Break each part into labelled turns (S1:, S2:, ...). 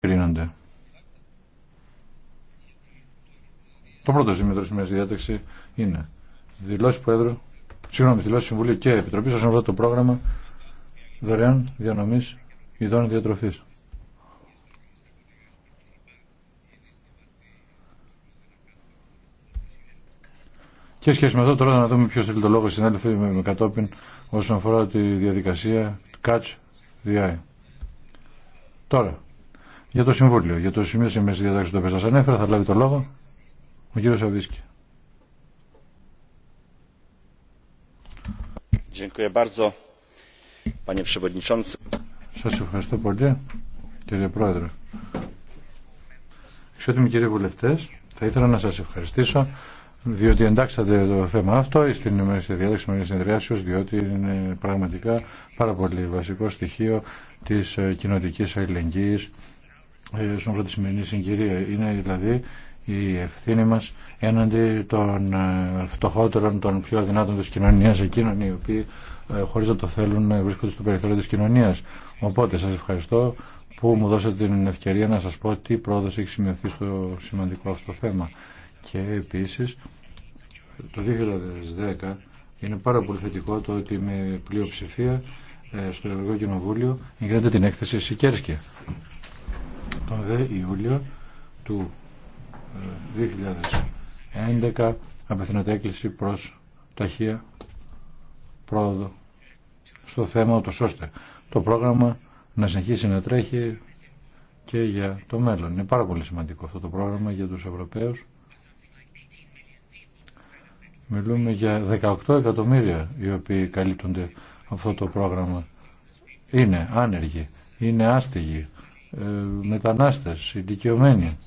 S1: κρίνονται. Το πρώτο σημείο τη σημερινή διάταξη είναι δηλώσει Πρόεδρου, συγγνώμη, δηλώσει Συμβουλίου και Επιτροπή όσον αφορά το πρόγραμμα δωρεάν διανομή ειδών διατροφή. Και σχέση με αυτό τώρα να δούμε ποιο θέλει το λόγο με, με κατόπιν όσον αφορά τη διαδικασία catch the eye. Τώρα. Για το Συμβούλιο, για το σημείο σημείο διατάξης το οποίο σας ανέφερα, θα λάβει το λόγο ο κύριος Αβίσκη. Σας ευχαριστώ πολύ, κύριε Πρόεδρε. Εξότιμοι κύριοι βουλευτές, θα ήθελα να σας ευχαριστήσω διότι εντάξατε το θέμα αυτό στην ημερήσια διάταξη με συνεδριάσεως διότι είναι πραγματικά πάρα πολύ βασικό στοιχείο της ε, κοινοτικής αλληλεγγύης ε, στον τη σημερινή συγκυρία. Είναι δηλαδή η ευθύνη μας έναντι των ε, φτωχότερων, των πιο αδυνάτων της κοινωνίας, εκείνων οι οποίοι ε, χωρίς να το θέλουν βρίσκονται στο περιθώριο της κοινωνίας. Οπότε σας ευχαριστώ που μου δώσατε την ευκαιρία να σας πω τι πρόοδος έχει σημειωθεί στο σημαντικό αυτό θέμα. Και επίσης το 2010 είναι πάρα πολύ θετικό το ότι με πλειοψηφία στο Ευρωπαϊκό Κοινοβούλιο γίνεται την έκθεση Σικέρσκη τον δε Ιούλιο του 2011 ε, απευθύνεται έκκληση προς ταχεία πρόοδο στο θέμα το ώστε το πρόγραμμα να συνεχίσει να τρέχει και για το μέλλον. Είναι πάρα πολύ σημαντικό αυτό το πρόγραμμα για τους Ευρωπαίους. Μιλούμε για 18 εκατομμύρια οι οποίοι καλύπτονται αυτό το πρόγραμμα. Είναι άνεργοι, είναι άστιγοι, ε, μετανάστες, ηλικιωμένοι.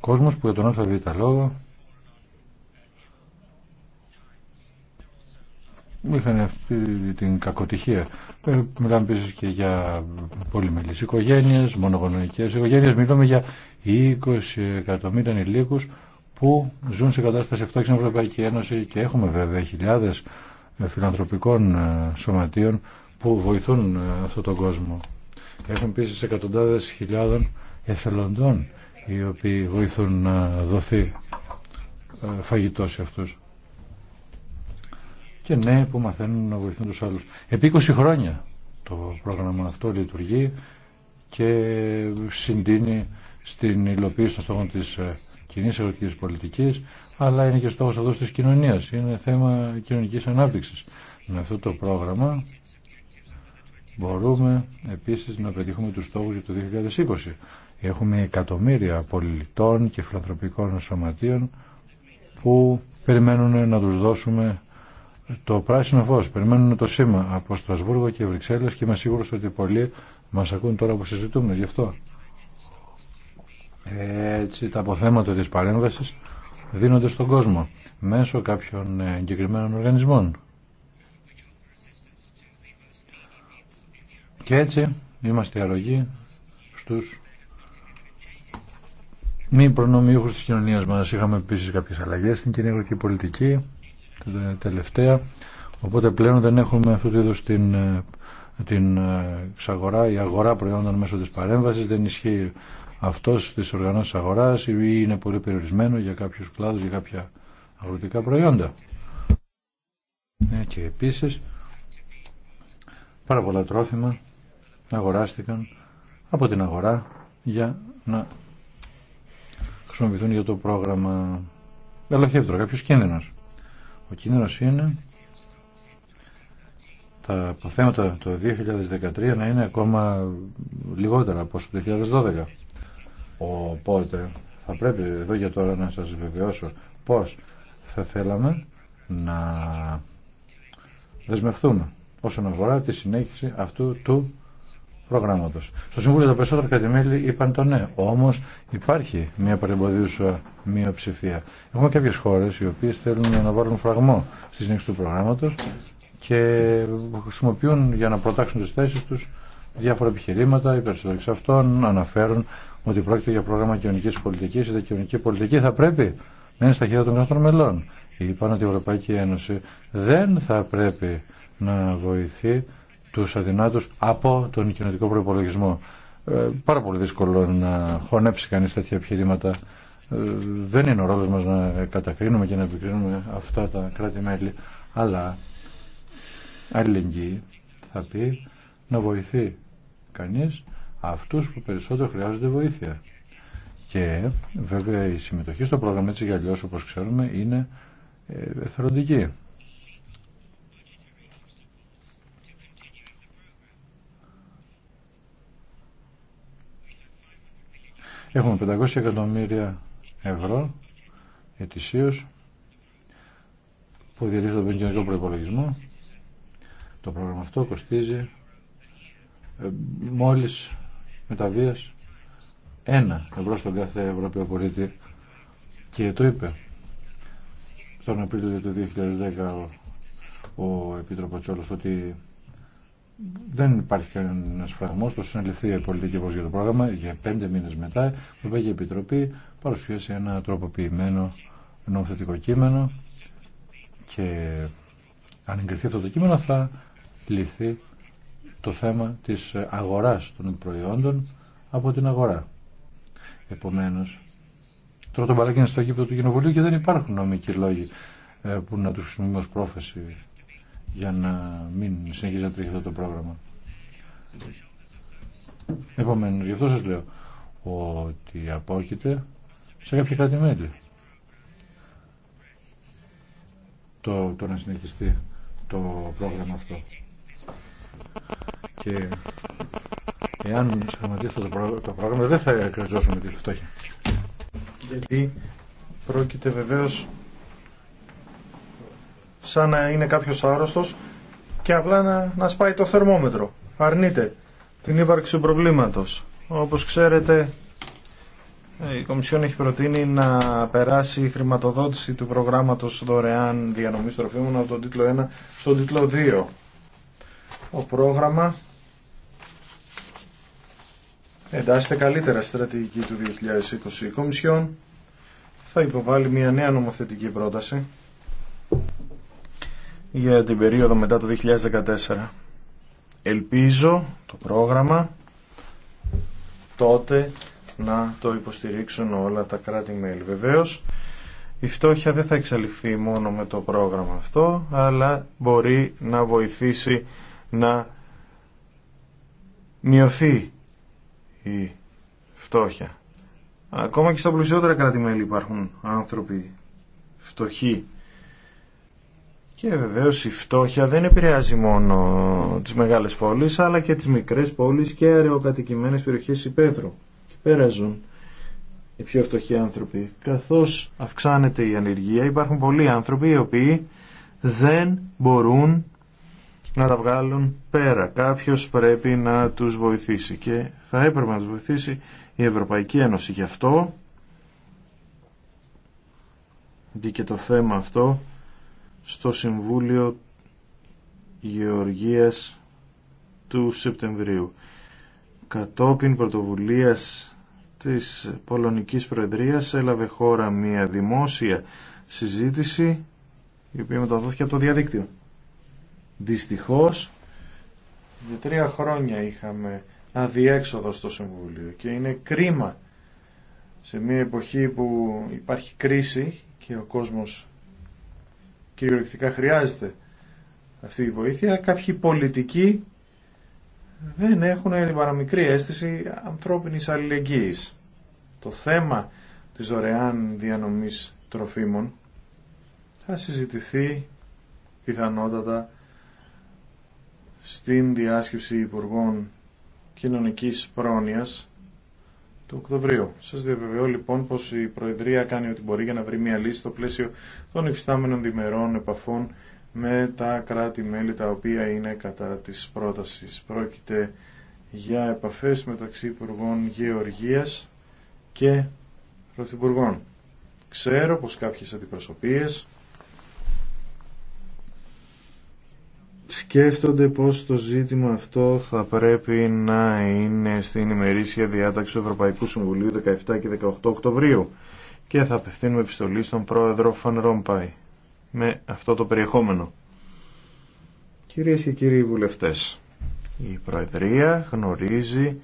S1: Κόσμος που για τον ΑΒ λόγο είχαν αυτή την κακοτυχία. Ε, μιλάμε επίση και για πολυμελείς οικογένειες, μονογονοϊκές οικογένειες. Μιλάμε για 20 εκατομμύρια ανηλίκους που ζουν σε κατάσταση αυτό στην Ευρωπαϊκή Ένωση και έχουμε βέβαια χιλιάδες φιλανθρωπικών ε, σωματείων που βοηθούν ε, αυτόν τον κόσμο. Έχουν πει επίση εκατοντάδε χιλιάδων εθελοντών οι οποίοι βοηθούν να δοθεί ε, φαγητό σε αυτούς. Και ναι, που μαθαίνουν να βοηθούν τους άλλους. Επί 20 χρόνια το πρόγραμμα αυτό λειτουργεί και συντείνει στην υλοποίηση των στόχων της ε, κοινή ευρωπαϊκή πολιτική, αλλά είναι και στόχο εδώ τη κοινωνία. Είναι θέμα κοινωνική ανάπτυξη Με αυτό το πρόγραμμα μπορούμε επίσης να πετύχουμε τους στόχους για το 2020. Έχουμε εκατομμύρια πολιτών και φιλανθρωπικών σωματείων που περιμένουν να τους δώσουμε το πράσινο φως, περιμένουν το σήμα από Στρασβούργο και Βρυξέλλες και είμαι σίγουρος ότι πολλοί μας ακούν τώρα που συζητούμε γι' αυτό. Έτσι τα αποθέματα της παρέμβασης δίνονται στον κόσμο μέσω κάποιων εγκεκριμένων οργανισμών. Και έτσι είμαστε αρρωγοί στους μη προνομιούχους της κοινωνίας μας. Είχαμε επίσης κάποιες αλλαγές στην κοινωνική πολιτική, τελευταία. Οπότε πλέον δεν έχουμε αυτού του είδους την, την ξαγορά, η αγορά προϊόντων μέσω της παρέμβασης. Δεν ισχύει αυτό της οργανώσει αγοράς ή είναι πολύ περιορισμένο για κάποιου κλάδου για κάποια αγροτικά προϊόντα. Ε, και επίση πάρα πολλά τρόφιμα αγοράστηκαν από την αγορά για να χρησιμοποιηθούν για το πρόγραμμα. ελοχεύτερο, κάποιος κίνδυνος. Ο κίνδυνος είναι τα αποθέματα το 2013 να είναι ακόμα λιγότερα από το 2012. Οπότε θα πρέπει εδώ για τώρα να σας βεβαιώσω πώς θα θέλαμε να δεσμευτούμε όσον αφορά τη συνέχιση αυτού του στο Συμβούλιο τα περισσότερα κρατημέλη είπαν το ναι. Όμω υπάρχει μια παρεμποδίουσα μειοψηφία. Έχουμε κάποιε χώρε οι οποίε θέλουν να βάλουν φραγμό στη συνέχιση του προγράμματο και χρησιμοποιούν για να προτάξουν τι θέσει του διάφορα επιχειρήματα, οι περισσότεροι εξ αυτών αναφέρουν ότι πρόκειται για πρόγραμμα κοινωνική πολιτική. Η κοινωνική πολιτική θα πρέπει να είναι στα χέρια των κρατών μελών. Είπαν ότι η Ευρωπαϊκή Ένωση δεν θα πρέπει να βοηθεί τους αδυνάτους από τον κοινωνικό προϋπολογισμό. Ε, πάρα πολύ δύσκολο να χωνέψει κανείς τέτοια επιχειρήματα. Ε, δεν είναι ο ρόλος μας να κατακρίνουμε και να επικρίνουμε αυτά τα κράτη-μέλη, αλλά αλληλεγγύη θα πει να βοηθεί κανείς αυτούς που περισσότερο χρειάζονται βοήθεια. Και βέβαια η συμμετοχή στο πρόγραμμα έτσι για αλλιώς όπως ξέρουμε είναι ε, εθελοντική. Έχουμε 500 εκατομμύρια ευρώ ετησίως που από τον κοινωνικό προπολογισμό. Το πρόγραμμα αυτό κοστίζει ε, μόλις μεταβίας ένα ευρώ στον κάθε Ευρωπαίο πολίτη και το είπε τον Απρίλιο του 2010 ο, ο Επίτροπος ότι δεν υπάρχει κανένα φραγμό το συνεληφθεί η πολιτική για το πρόγραμμα. Για πέντε μήνε μετά, η Ευρωπαϊκή Επιτροπή παρουσίασε ένα τροποποιημένο νομοθετικό κείμενο και αν εγκριθεί αυτό το κείμενο θα λυθεί το θέμα της αγοράς των προϊόντων από την αγορά. Επομένως, τώρα το μπαλάκι είναι στο κήπεδο του Κοινοβουλίου και δεν υπάρχουν νομικοί λόγοι ε, που να τους χρησιμοποιούμε ως πρόφαση για να μην συνεχίζεται αυτό το πρόγραμμα. Επομένω, γι' αυτό σα λέω ότι απόκειται σε κάποια κράτη το, το να συνεχιστεί το πρόγραμμα αυτό. Και εάν σταματήσει το, πρόγραμμα, το πρόγραμμα δεν θα κρυζώσουμε τη φτώχεια.
S2: Γιατί πρόκειται βεβαίως σαν να είναι κάποιος άρρωστος και απλά να, να σπάει το θερμόμετρο. Αρνείται την ύπαρξη προβλήματος. Όπως ξέρετε, ε, η Κομισιόν έχει προτείνει να περάσει η χρηματοδότηση του προγράμματος δωρεάν διανομής τροφίμων από τον τίτλο 1 στον τίτλο 2. Ο πρόγραμμα εντάσσεται καλύτερα στη στρατηγική του 2020. Η Κομισιόν θα υποβάλει μια νέα νομοθετική πρόταση για την περίοδο μετά το 2014. Ελπίζω το πρόγραμμα τότε να το υποστηρίξουν όλα τα κράτη-μέλη. Βεβαίως, η φτώχεια δεν θα εξαλειφθεί μόνο με το πρόγραμμα αυτό, αλλά μπορεί να βοηθήσει να μειωθεί η φτώχεια. Ακόμα και στα πλουσιότερα κράτη-μέλη υπάρχουν άνθρωποι φτωχοί και βεβαίω η φτώχεια δεν επηρεάζει μόνο τις μεγάλες πόλεις, αλλά και τις μικρές πόλεις και αεροκατοικημένε περιοχές υπέδρου. Και πέρα οι πιο φτωχοί άνθρωποι. Καθώς αυξάνεται η ανεργία, υπάρχουν πολλοί άνθρωποι οι οποίοι δεν μπορούν να τα βγάλουν πέρα. Κάποιος πρέπει να τους βοηθήσει και θα έπρεπε να τους βοηθήσει η Ευρωπαϊκή Ένωση. Γι' αυτό και το θέμα αυτό στο Συμβούλιο Γεωργίας του Σεπτεμβρίου. Κατόπιν πρωτοβουλίας της Πολωνικής Προεδρίας έλαβε χώρα μια δημόσια συζήτηση η οποία μεταδόθηκε από το διαδίκτυο. Δυστυχώς για τρία χρόνια είχαμε αδιέξοδο στο Συμβούλιο και είναι κρίμα σε μια εποχή που υπάρχει κρίση και ο κόσμος κυριολεκτικά χρειάζεται αυτή η βοήθεια, κάποιοι πολιτικοί δεν έχουν την παραμικρή αίσθηση ανθρώπινης αλληλεγγύης. Το θέμα της δωρεάν διανομής τροφίμων θα συζητηθεί πιθανότατα στην διάσκεψη Υπουργών Κοινωνικής Πρόνοιας του Οκτωβρίου. Σας διαβεβαιώ λοιπόν πω η Προεδρία κάνει ό,τι μπορεί για να βρει μια λύση στο πλαίσιο των υφιστάμενων διμερών επαφών με τα κράτη-μέλη τα οποία είναι κατά της πρότασης. Πρόκειται για επαφές μεταξύ Υπουργών Γεωργίας και Πρωθυπουργών. Ξέρω πως κάποιες αντιπροσωπείε. σκέφτονται πως το ζήτημα αυτό θα πρέπει να είναι στην ημερήσια διάταξη του Ευρωπαϊκού Συμβουλίου 17 και 18 Οκτωβρίου και θα απευθύνουμε επιστολή στον πρόεδρο Φαν Ρόμπαϊ με αυτό το περιεχόμενο. Κυρίες και κύριοι βουλευτές, η Προεδρία γνωρίζει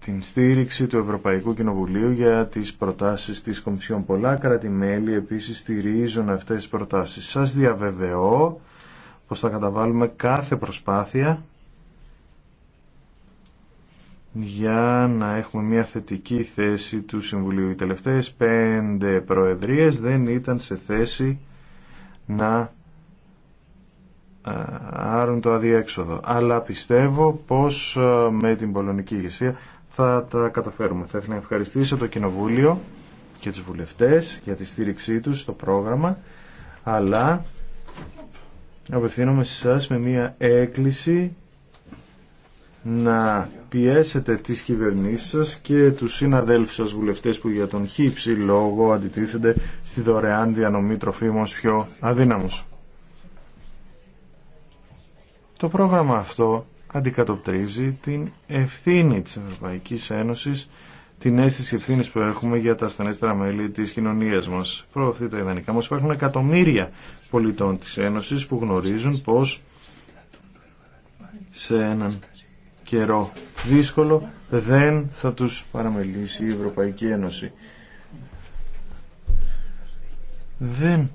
S2: την στήριξη του Ευρωπαϊκού Κοινοβουλίου για τις προτάσεις της Κομισιόν. Πολλά κράτη-μέλη επίσης στηρίζουν αυτές τις προτάσεις. Σας διαβεβαιώ πως θα καταβάλουμε κάθε προσπάθεια για να έχουμε μια θετική θέση του Συμβουλίου. Οι τελευταίες πέντε προεδρίες δεν ήταν σε θέση να ε, άρουν το αδιέξοδο. Αλλά πιστεύω πως ε, με την πολωνική ηγεσία θα τα καταφέρουμε. Θα ήθελα να ευχαριστήσω το Κοινοβούλιο και τους βουλευτές για τη στήριξή τους στο πρόγραμμα, αλλά απευθύνομαι σε εσά με μία έκκληση να πιέσετε τις κυβερνήσεις σας και τους συναδέλφους σας βουλευτές που για τον χύψη λόγο αντιτίθενται στη δωρεάν διανομή τροφίμων πιο αδύναμους. Το πρόγραμμα αυτό αντικατοπτρίζει την ευθύνη της Ευρωπαϊκής Ένωσης την αίσθηση ευθύνη που έχουμε για τα ασθενέστερα μέλη τη κοινωνία μας. Προωθεί τα ιδανικά μας. Υπάρχουν εκατομμύρια πολιτών της Ένωση που γνωρίζουν πως σε έναν καιρό δύσκολο δεν θα τους παραμελήσει η Ευρωπαϊκή Ένωση. Δεν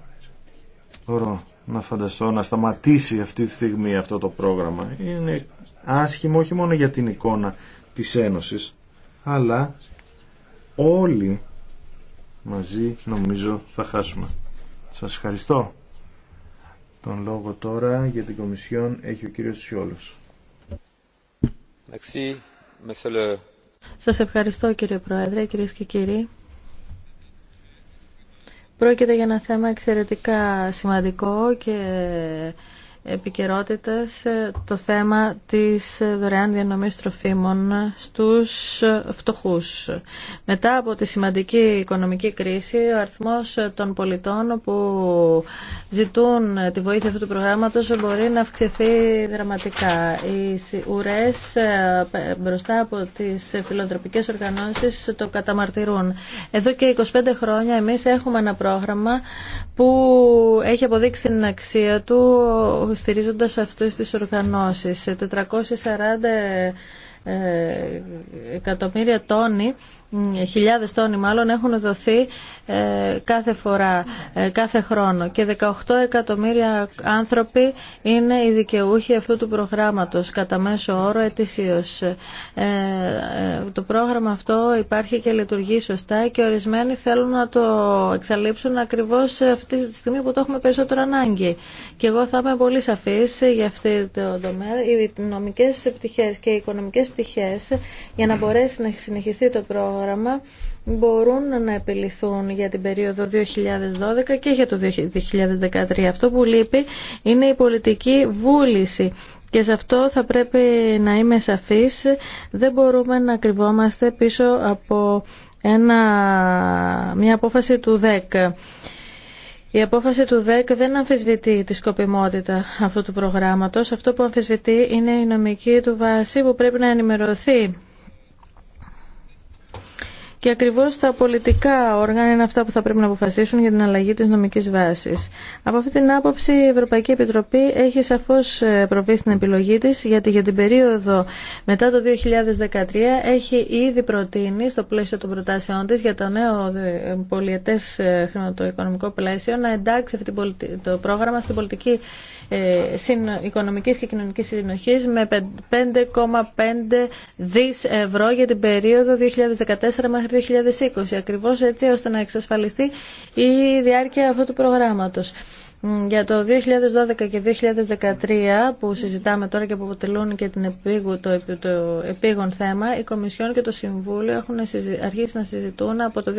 S2: μπορώ να φανταστώ να σταματήσει αυτή τη στιγμή αυτό το πρόγραμμα. Είναι άσχημο όχι μόνο για την εικόνα της Ένωσης, αλλά όλοι μαζί νομίζω θα χάσουμε. Σας ευχαριστώ. Τον λόγο τώρα για την Κομισιόν έχει ο κύριος Σιόλος.
S3: Σας ευχαριστώ κύριε Πρόεδρε, κυρίες και κύριοι. Πρόκειται για ένα θέμα εξαιρετικά σημαντικό και επικαιρότητα ε, το θέμα της ε, δωρεάν διανομής τροφίμων ε, στους φτωχούς. Μετά από τη σημαντική οικονομική κρίση, ο αριθμός των πολιτών που ζητούν τη βοήθεια αυτού του προγράμματος μπορεί να αυξηθεί δραματικά. Οι ουρές μπροστά από τις φιλοτροπικές οργανώσεις το καταμαρτυρούν. Εδώ και 25 χρόνια εμείς έχουμε ένα πρόγραμμα που έχει αποδείξει την αξία του στηρίζοντας αυτές τις οργανώσεις. 440 ε, εκατομμύρια τόνοι ε, χιλιάδες τόνοι μάλλον έχουν δοθεί ε, κάθε φορά, ε, κάθε χρόνο και 18 εκατομμύρια άνθρωποι είναι οι δικαιούχοι αυτού του προγράμματος κατά μέσο όρο ετησίως. το πρόγραμμα αυτό υπάρχει και λειτουργεί σωστά και ορισμένοι θέλουν να το εξαλείψουν ακριβώς αυτή τη στιγμή που το έχουμε περισσότερο ανάγκη. Και εγώ θα είμαι πολύ σαφής για αυτή το τομέα. Οι νομικές πτυχές και οι οικονομικές πτυχές για να μπορέσει να συνεχιστεί το πρόγραμμα όραμα μπορούν να επιληθούν για την περίοδο 2012 και για το 2013. Αυτό που λείπει είναι η πολιτική βούληση και σε αυτό θα πρέπει να είμαι σαφής. Δεν μπορούμε να κρυβόμαστε πίσω από ένα, μια απόφαση του ΔΕΚ. Η απόφαση του ΔΕΚ δεν αμφισβητεί τη σκοπιμότητα αυτού του προγράμματος. Αυτό που αμφισβητεί είναι η νομική του βάση που πρέπει να ενημερωθεί και ακριβώ τα πολιτικά όργανα είναι αυτά που θα πρέπει να αποφασίσουν για την αλλαγή τη νομική βάση. Από αυτή την άποψη η Ευρωπαϊκή Επιτροπή έχει σαφώ ε, προβεί στην επιλογή τη γιατί για την περίοδο μετά το 2013 έχει ήδη προτείνει στο πλαίσιο των προτάσεών τη για το νέο ε, πολιετέ ε, χρηματοοικονομικό πλαίσιο να εντάξει το πρόγραμμα στην πολιτική οικονομική και κοινωνική συνοχή με 5,5 ευρώ για την περίοδο 2014 μέχρι 2020, ακριβώς έτσι ώστε να εξασφαλιστεί η διάρκεια αυτού του προγράμματος. Για το 2012 και 2013 που συζητάμε τώρα και που αποτελούν και την επίγου, το, επίγον θέμα, η Κομισιόν και το Συμβούλιο έχουν αρχίσει να συζητούν από το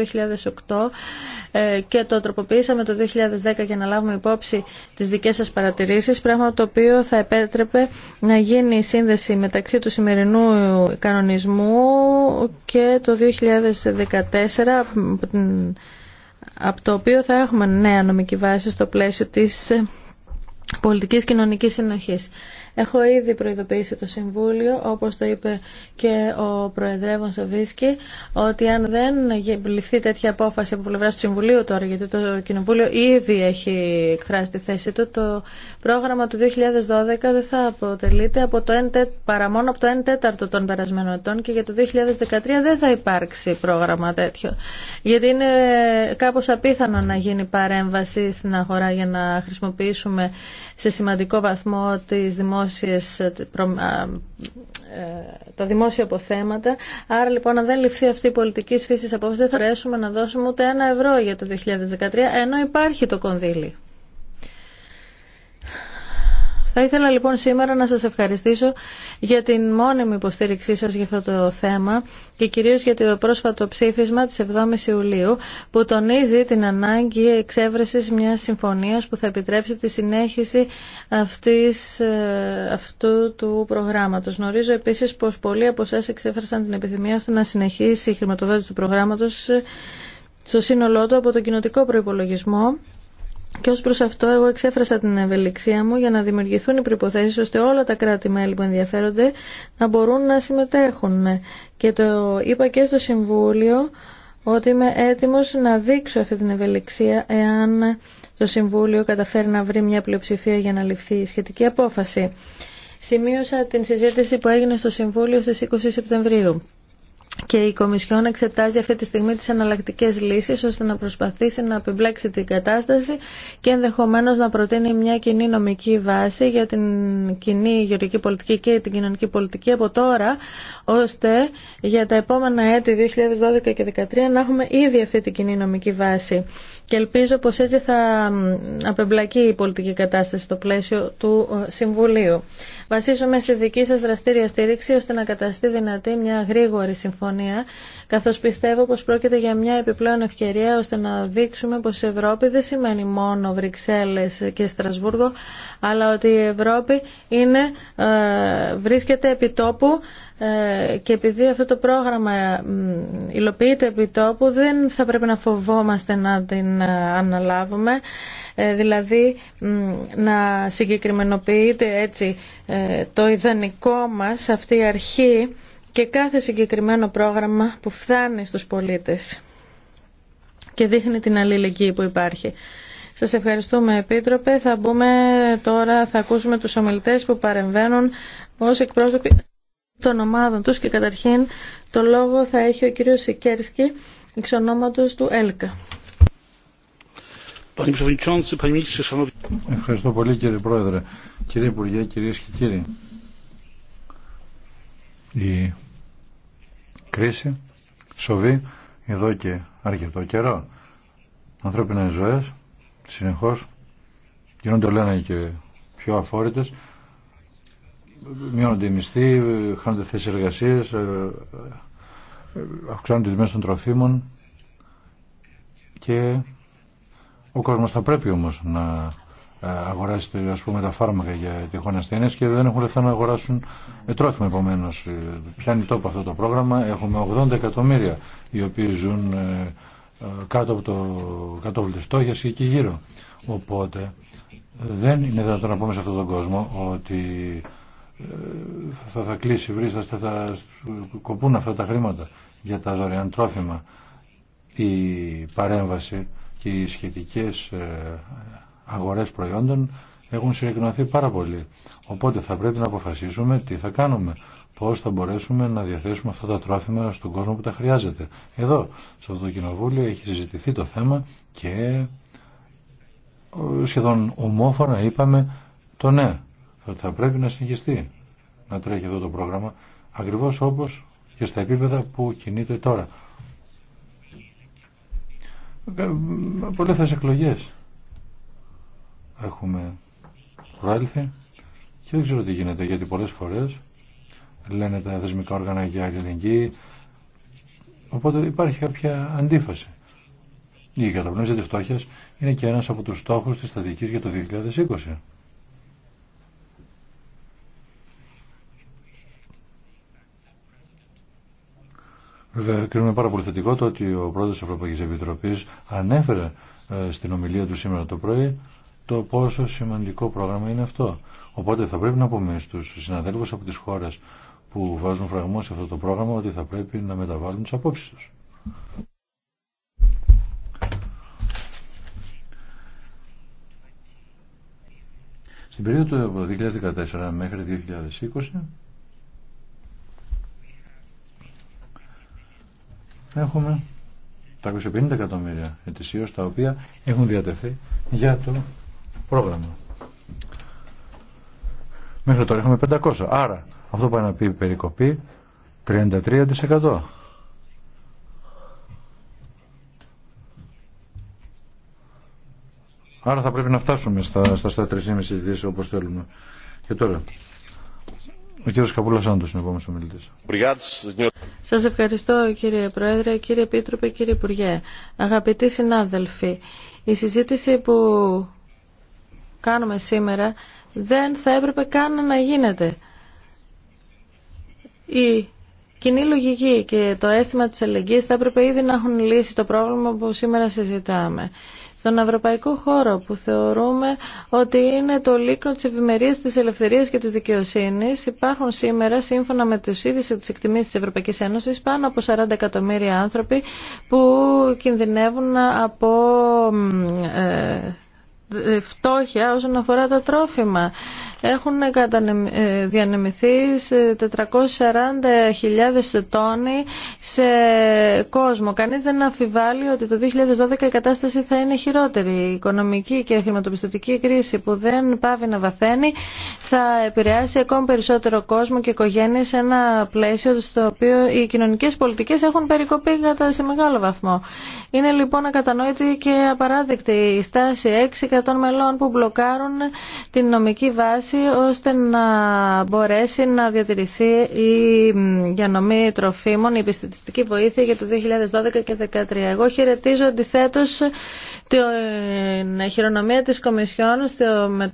S3: 2008 ε, και το τροποποιήσαμε το 2010 για να λάβουμε υπόψη τις δικές σας παρατηρήσεις, πράγμα το οποίο θα επέτρεπε να γίνει η σύνδεση μεταξύ του σημερινού κανονισμού και το 2014 από την από το οποίο θα έχουμε νέα νομική βάση στο πλαίσιο της ε, πολιτικής κοινωνικής συνοχής. Έχω ήδη προειδοποιήσει το Συμβούλιο, όπως το είπε και ο Προεδρεύων Σαβίσκη, ότι αν δεν ληφθεί τέτοια απόφαση από πλευρά του Συμβουλίου τώρα, γιατί το Κοινοβούλιο ήδη έχει εκφράσει τη θέση του, το πρόγραμμα του 2012 δεν θα αποτελείται από το 1, παρά μόνο από το 1 τέταρτο των περασμένων ετών και για το 2013 δεν θα υπάρξει πρόγραμμα τέτοιο. Γιατί είναι κάπως απίθανο να γίνει παρέμβαση στην αγορά για να χρησιμοποιήσουμε σε σημαντικό βαθμό τις δημόσιες δημόσιες, ε, τα δημόσια αποθέματα. Άρα λοιπόν αν δεν ληφθεί αυτή η πολιτική φύση απόφαση δεν θα μπορέσουμε να δώσουμε ούτε ένα ευρώ για το 2013 ενώ υπάρχει το κονδύλι. Θα ήθελα λοιπόν σήμερα να σας ευχαριστήσω για την μόνιμη υποστήριξή σας για αυτό το θέμα και κυρίως για το πρόσφατο ψήφισμα της 7ης Ιουλίου που τονίζει την ανάγκη εξέβρεσης μιας συμφωνίας που θα επιτρέψει τη συνέχιση αυτής, ε, αυτού του προγράμματος. Γνωρίζω επίσης πως πολλοί από εσά εξέφρασαν την επιθυμία στο να συνεχίσει η χρηματοδότηση του προγράμματος ε, στο σύνολό του από τον κοινοτικό προϋπολογισμό και ως προς αυτό εγώ εξέφρασα την ευελιξία μου για να δημιουργηθούν οι προϋποθέσεις ώστε όλα τα κράτη-μέλη που ενδιαφέρονται να μπορούν να συμμετέχουν. Και το είπα και στο Συμβούλιο ότι είμαι έτοιμο να δείξω αυτή την ευελιξία εάν το Συμβούλιο καταφέρει να βρει μια πλειοψηφία για να ληφθεί η σχετική απόφαση. Σημείωσα την συζήτηση που έγινε στο Συμβούλιο στις 20 Σεπτεμβρίου και η Κομισιόν εξετάζει αυτή τη στιγμή τις εναλλακτικές λύσεις ώστε να προσπαθήσει να επιμπλέξει την κατάσταση και ενδεχομένως να προτείνει μια κοινή νομική βάση για την κοινή γεωργική πολιτική και την κοινωνική πολιτική από τώρα ώστε για τα επόμενα έτη 2012 και 2013 να έχουμε ήδη αυτή την κοινή νομική βάση. Και ελπίζω πως έτσι θα απεμπλακεί η πολιτική κατάσταση στο πλαίσιο του ε, Συμβουλίου. Βασίζομαι στη δική σας δραστήρια στήριξη ώστε να καταστεί δυνατή μια γρήγορη συμφωνία, καθώς πιστεύω πως πρόκειται για μια επιπλέον ευκαιρία ώστε να δείξουμε πως η Ευρώπη δεν σημαίνει μόνο Βρυξέλλες και Στρασβούργο, αλλά ότι η Ευρώπη είναι, ε, βρίσκεται τόπου ε, και επειδή αυτό το πρόγραμμα υλοποιείται επί τόπου δεν θα πρέπει να φοβόμαστε να την ε, αναλάβουμε ε, δηλαδή να συγκεκριμενοποιείται έτσι το ιδανικό μας αυτή η αρχή και κάθε συγκεκριμένο πρόγραμμα που φτάνει στους πολίτες και δείχνει την αλληλεγγύη που υπάρχει. Σας ευχαριστούμε Επίτροπε. Θα μπούμε τώρα, θα ακούσουμε τους ομιλητές που παρεμβαίνουν ως εκπρόσωποι των ομάδων τους και καταρχήν το λόγο θα έχει ο κύριος Σικέρσκι εξ ονόματος του ΕΛΚΑ.
S1: Ευχαριστώ πολύ κύριε Πρόεδρε, κύριε Υπουργέ, κυρίε και κύριοι. Η κρίση σοβεί εδώ και αρκετό καιρό. Ανθρώπινες ζωές συνεχώς γίνονται λένε και πιο αφόρητες μειώνονται οι μισθοί, χάνονται θέσει εργασία, ε, ε, αυξάνονται οι τιμέ των τροφίμων και ο κόσμο θα πρέπει όμω να ε, αγοράσει ας πούμε, τα φάρμακα για τυχόν ασθένειε και δεν έχουν λεφτά να αγοράσουν τρόφιμα. Επομένω, πιάνει τόπο αυτό το πρόγραμμα. Έχουμε 80 εκατομμύρια οι οποίοι ζουν κάτω από το από τη φτώχεια και εκεί γύρω. Οπότε δεν είναι δυνατόν να πούμε σε αυτόν τον κόσμο ότι θα, θα κλείσει βρίσκα, θα, θα κοπούν αυτά τα χρήματα για τα δωρεάν τρόφιμα. Η παρέμβαση και οι σχετικές ε, αγορές προϊόντων έχουν συρρυκνωθεί πάρα πολύ. Οπότε θα πρέπει να αποφασίσουμε τι θα κάνουμε, πώς θα μπορέσουμε να διαθέσουμε αυτά τα τρόφιμα στον κόσμο που τα χρειάζεται. Εδώ, σε αυτό το κοινοβούλιο, έχει συζητηθεί το θέμα και ε, σχεδόν ομόφωνα είπαμε το ναι. Ε, θα πρέπει να συνεχιστεί να τρέχει αυτό το πρόγραμμα ακριβώς όπως και στα επίπεδα που κινείται τώρα. Ε, πολλές εκλογές έχουμε προέλθει και δεν ξέρω τι γίνεται γιατί πολλές φορές λένε τα δεσμικά όργανα για αλληλεγγύη οπότε υπάρχει κάποια αντίφαση. Η καταπληκτική της φτώχειας είναι και ένας από τους στόχους της στρατηγική για το 2020. Βέβαια, κρίνουμε πάρα πολύ θετικό το ότι ο πρόεδρο τη Ευρωπαϊκή Επιτροπή ανέφερε ε, στην ομιλία του σήμερα το πρωί το πόσο σημαντικό πρόγραμμα είναι αυτό. Οπότε θα πρέπει να πούμε στου συναδέλφου από τι χώρε που βάζουν φραγμό σε αυτό το πρόγραμμα ότι θα πρέπει να μεταβάλουν τι απόψει του. Στην περίοδο του 2014 μέχρι 2020 έχουμε τα 250 εκατομμύρια ετησίω τα οποία έχουν διατεθεί για το πρόγραμμα. Μέχρι τώρα έχουμε 500. Άρα αυτό πάει να πει περικοπή 33%. Άρα θα πρέπει να φτάσουμε στα, στα, στα 3,5 δις όπως θέλουμε. Και τώρα, ο κύριος Καπούλας Άντος είναι ο επόμενος ομιλητής.
S3: Σας ευχαριστώ κύριε Πρόεδρε, κύριε Επίτροπε, κύριε Υπουργέ. Αγαπητοί συνάδελφοι, η συζήτηση που κάνουμε σήμερα δεν θα έπρεπε καν να γίνεται κοινή λογική και το αίσθημα της αλληλεγγύης θα έπρεπε ήδη να έχουν λύσει το πρόβλημα που σήμερα συζητάμε. Στον ευρωπαϊκό χώρο που θεωρούμε ότι είναι το λίκνο της ευημερία, της ελευθερίας και της δικαιοσύνης υπάρχουν σήμερα σύμφωνα με τους ίδιους τις εκτιμήσεις της Ευρωπαϊκής Ένωσης πάνω από 40 εκατομμύρια άνθρωποι που κινδυνεύουν από ε, φτώχεια όσον αφορά τα τρόφιμα έχουν ε, διανεμηθεί σε 440.000 τόνοι σε κόσμο. Κανείς δεν αφιβάλλει ότι το 2012 η κατάσταση θα είναι χειρότερη. Η οικονομική και χρηματοπιστωτική κρίση που δεν πάβει να βαθαίνει θα επηρεάσει ακόμη περισσότερο κόσμο και οικογένειες σε ένα πλαίσιο στο οποίο οι κοινωνικές πολιτικές έχουν περικοπεί κατά σε μεγάλο βαθμό. Είναι λοιπόν ακατανόητη και απαράδεκτη η στάση 6 των μελών που μπλοκάρουν την νομική βάση ώστε να μπορέσει να διατηρηθεί η διανομή τροφίμων, η επιστημιστική βοήθεια για το 2012 και 2013. Εγώ χαιρετίζω αντιθέτω την χειρονομία της Κομισιόν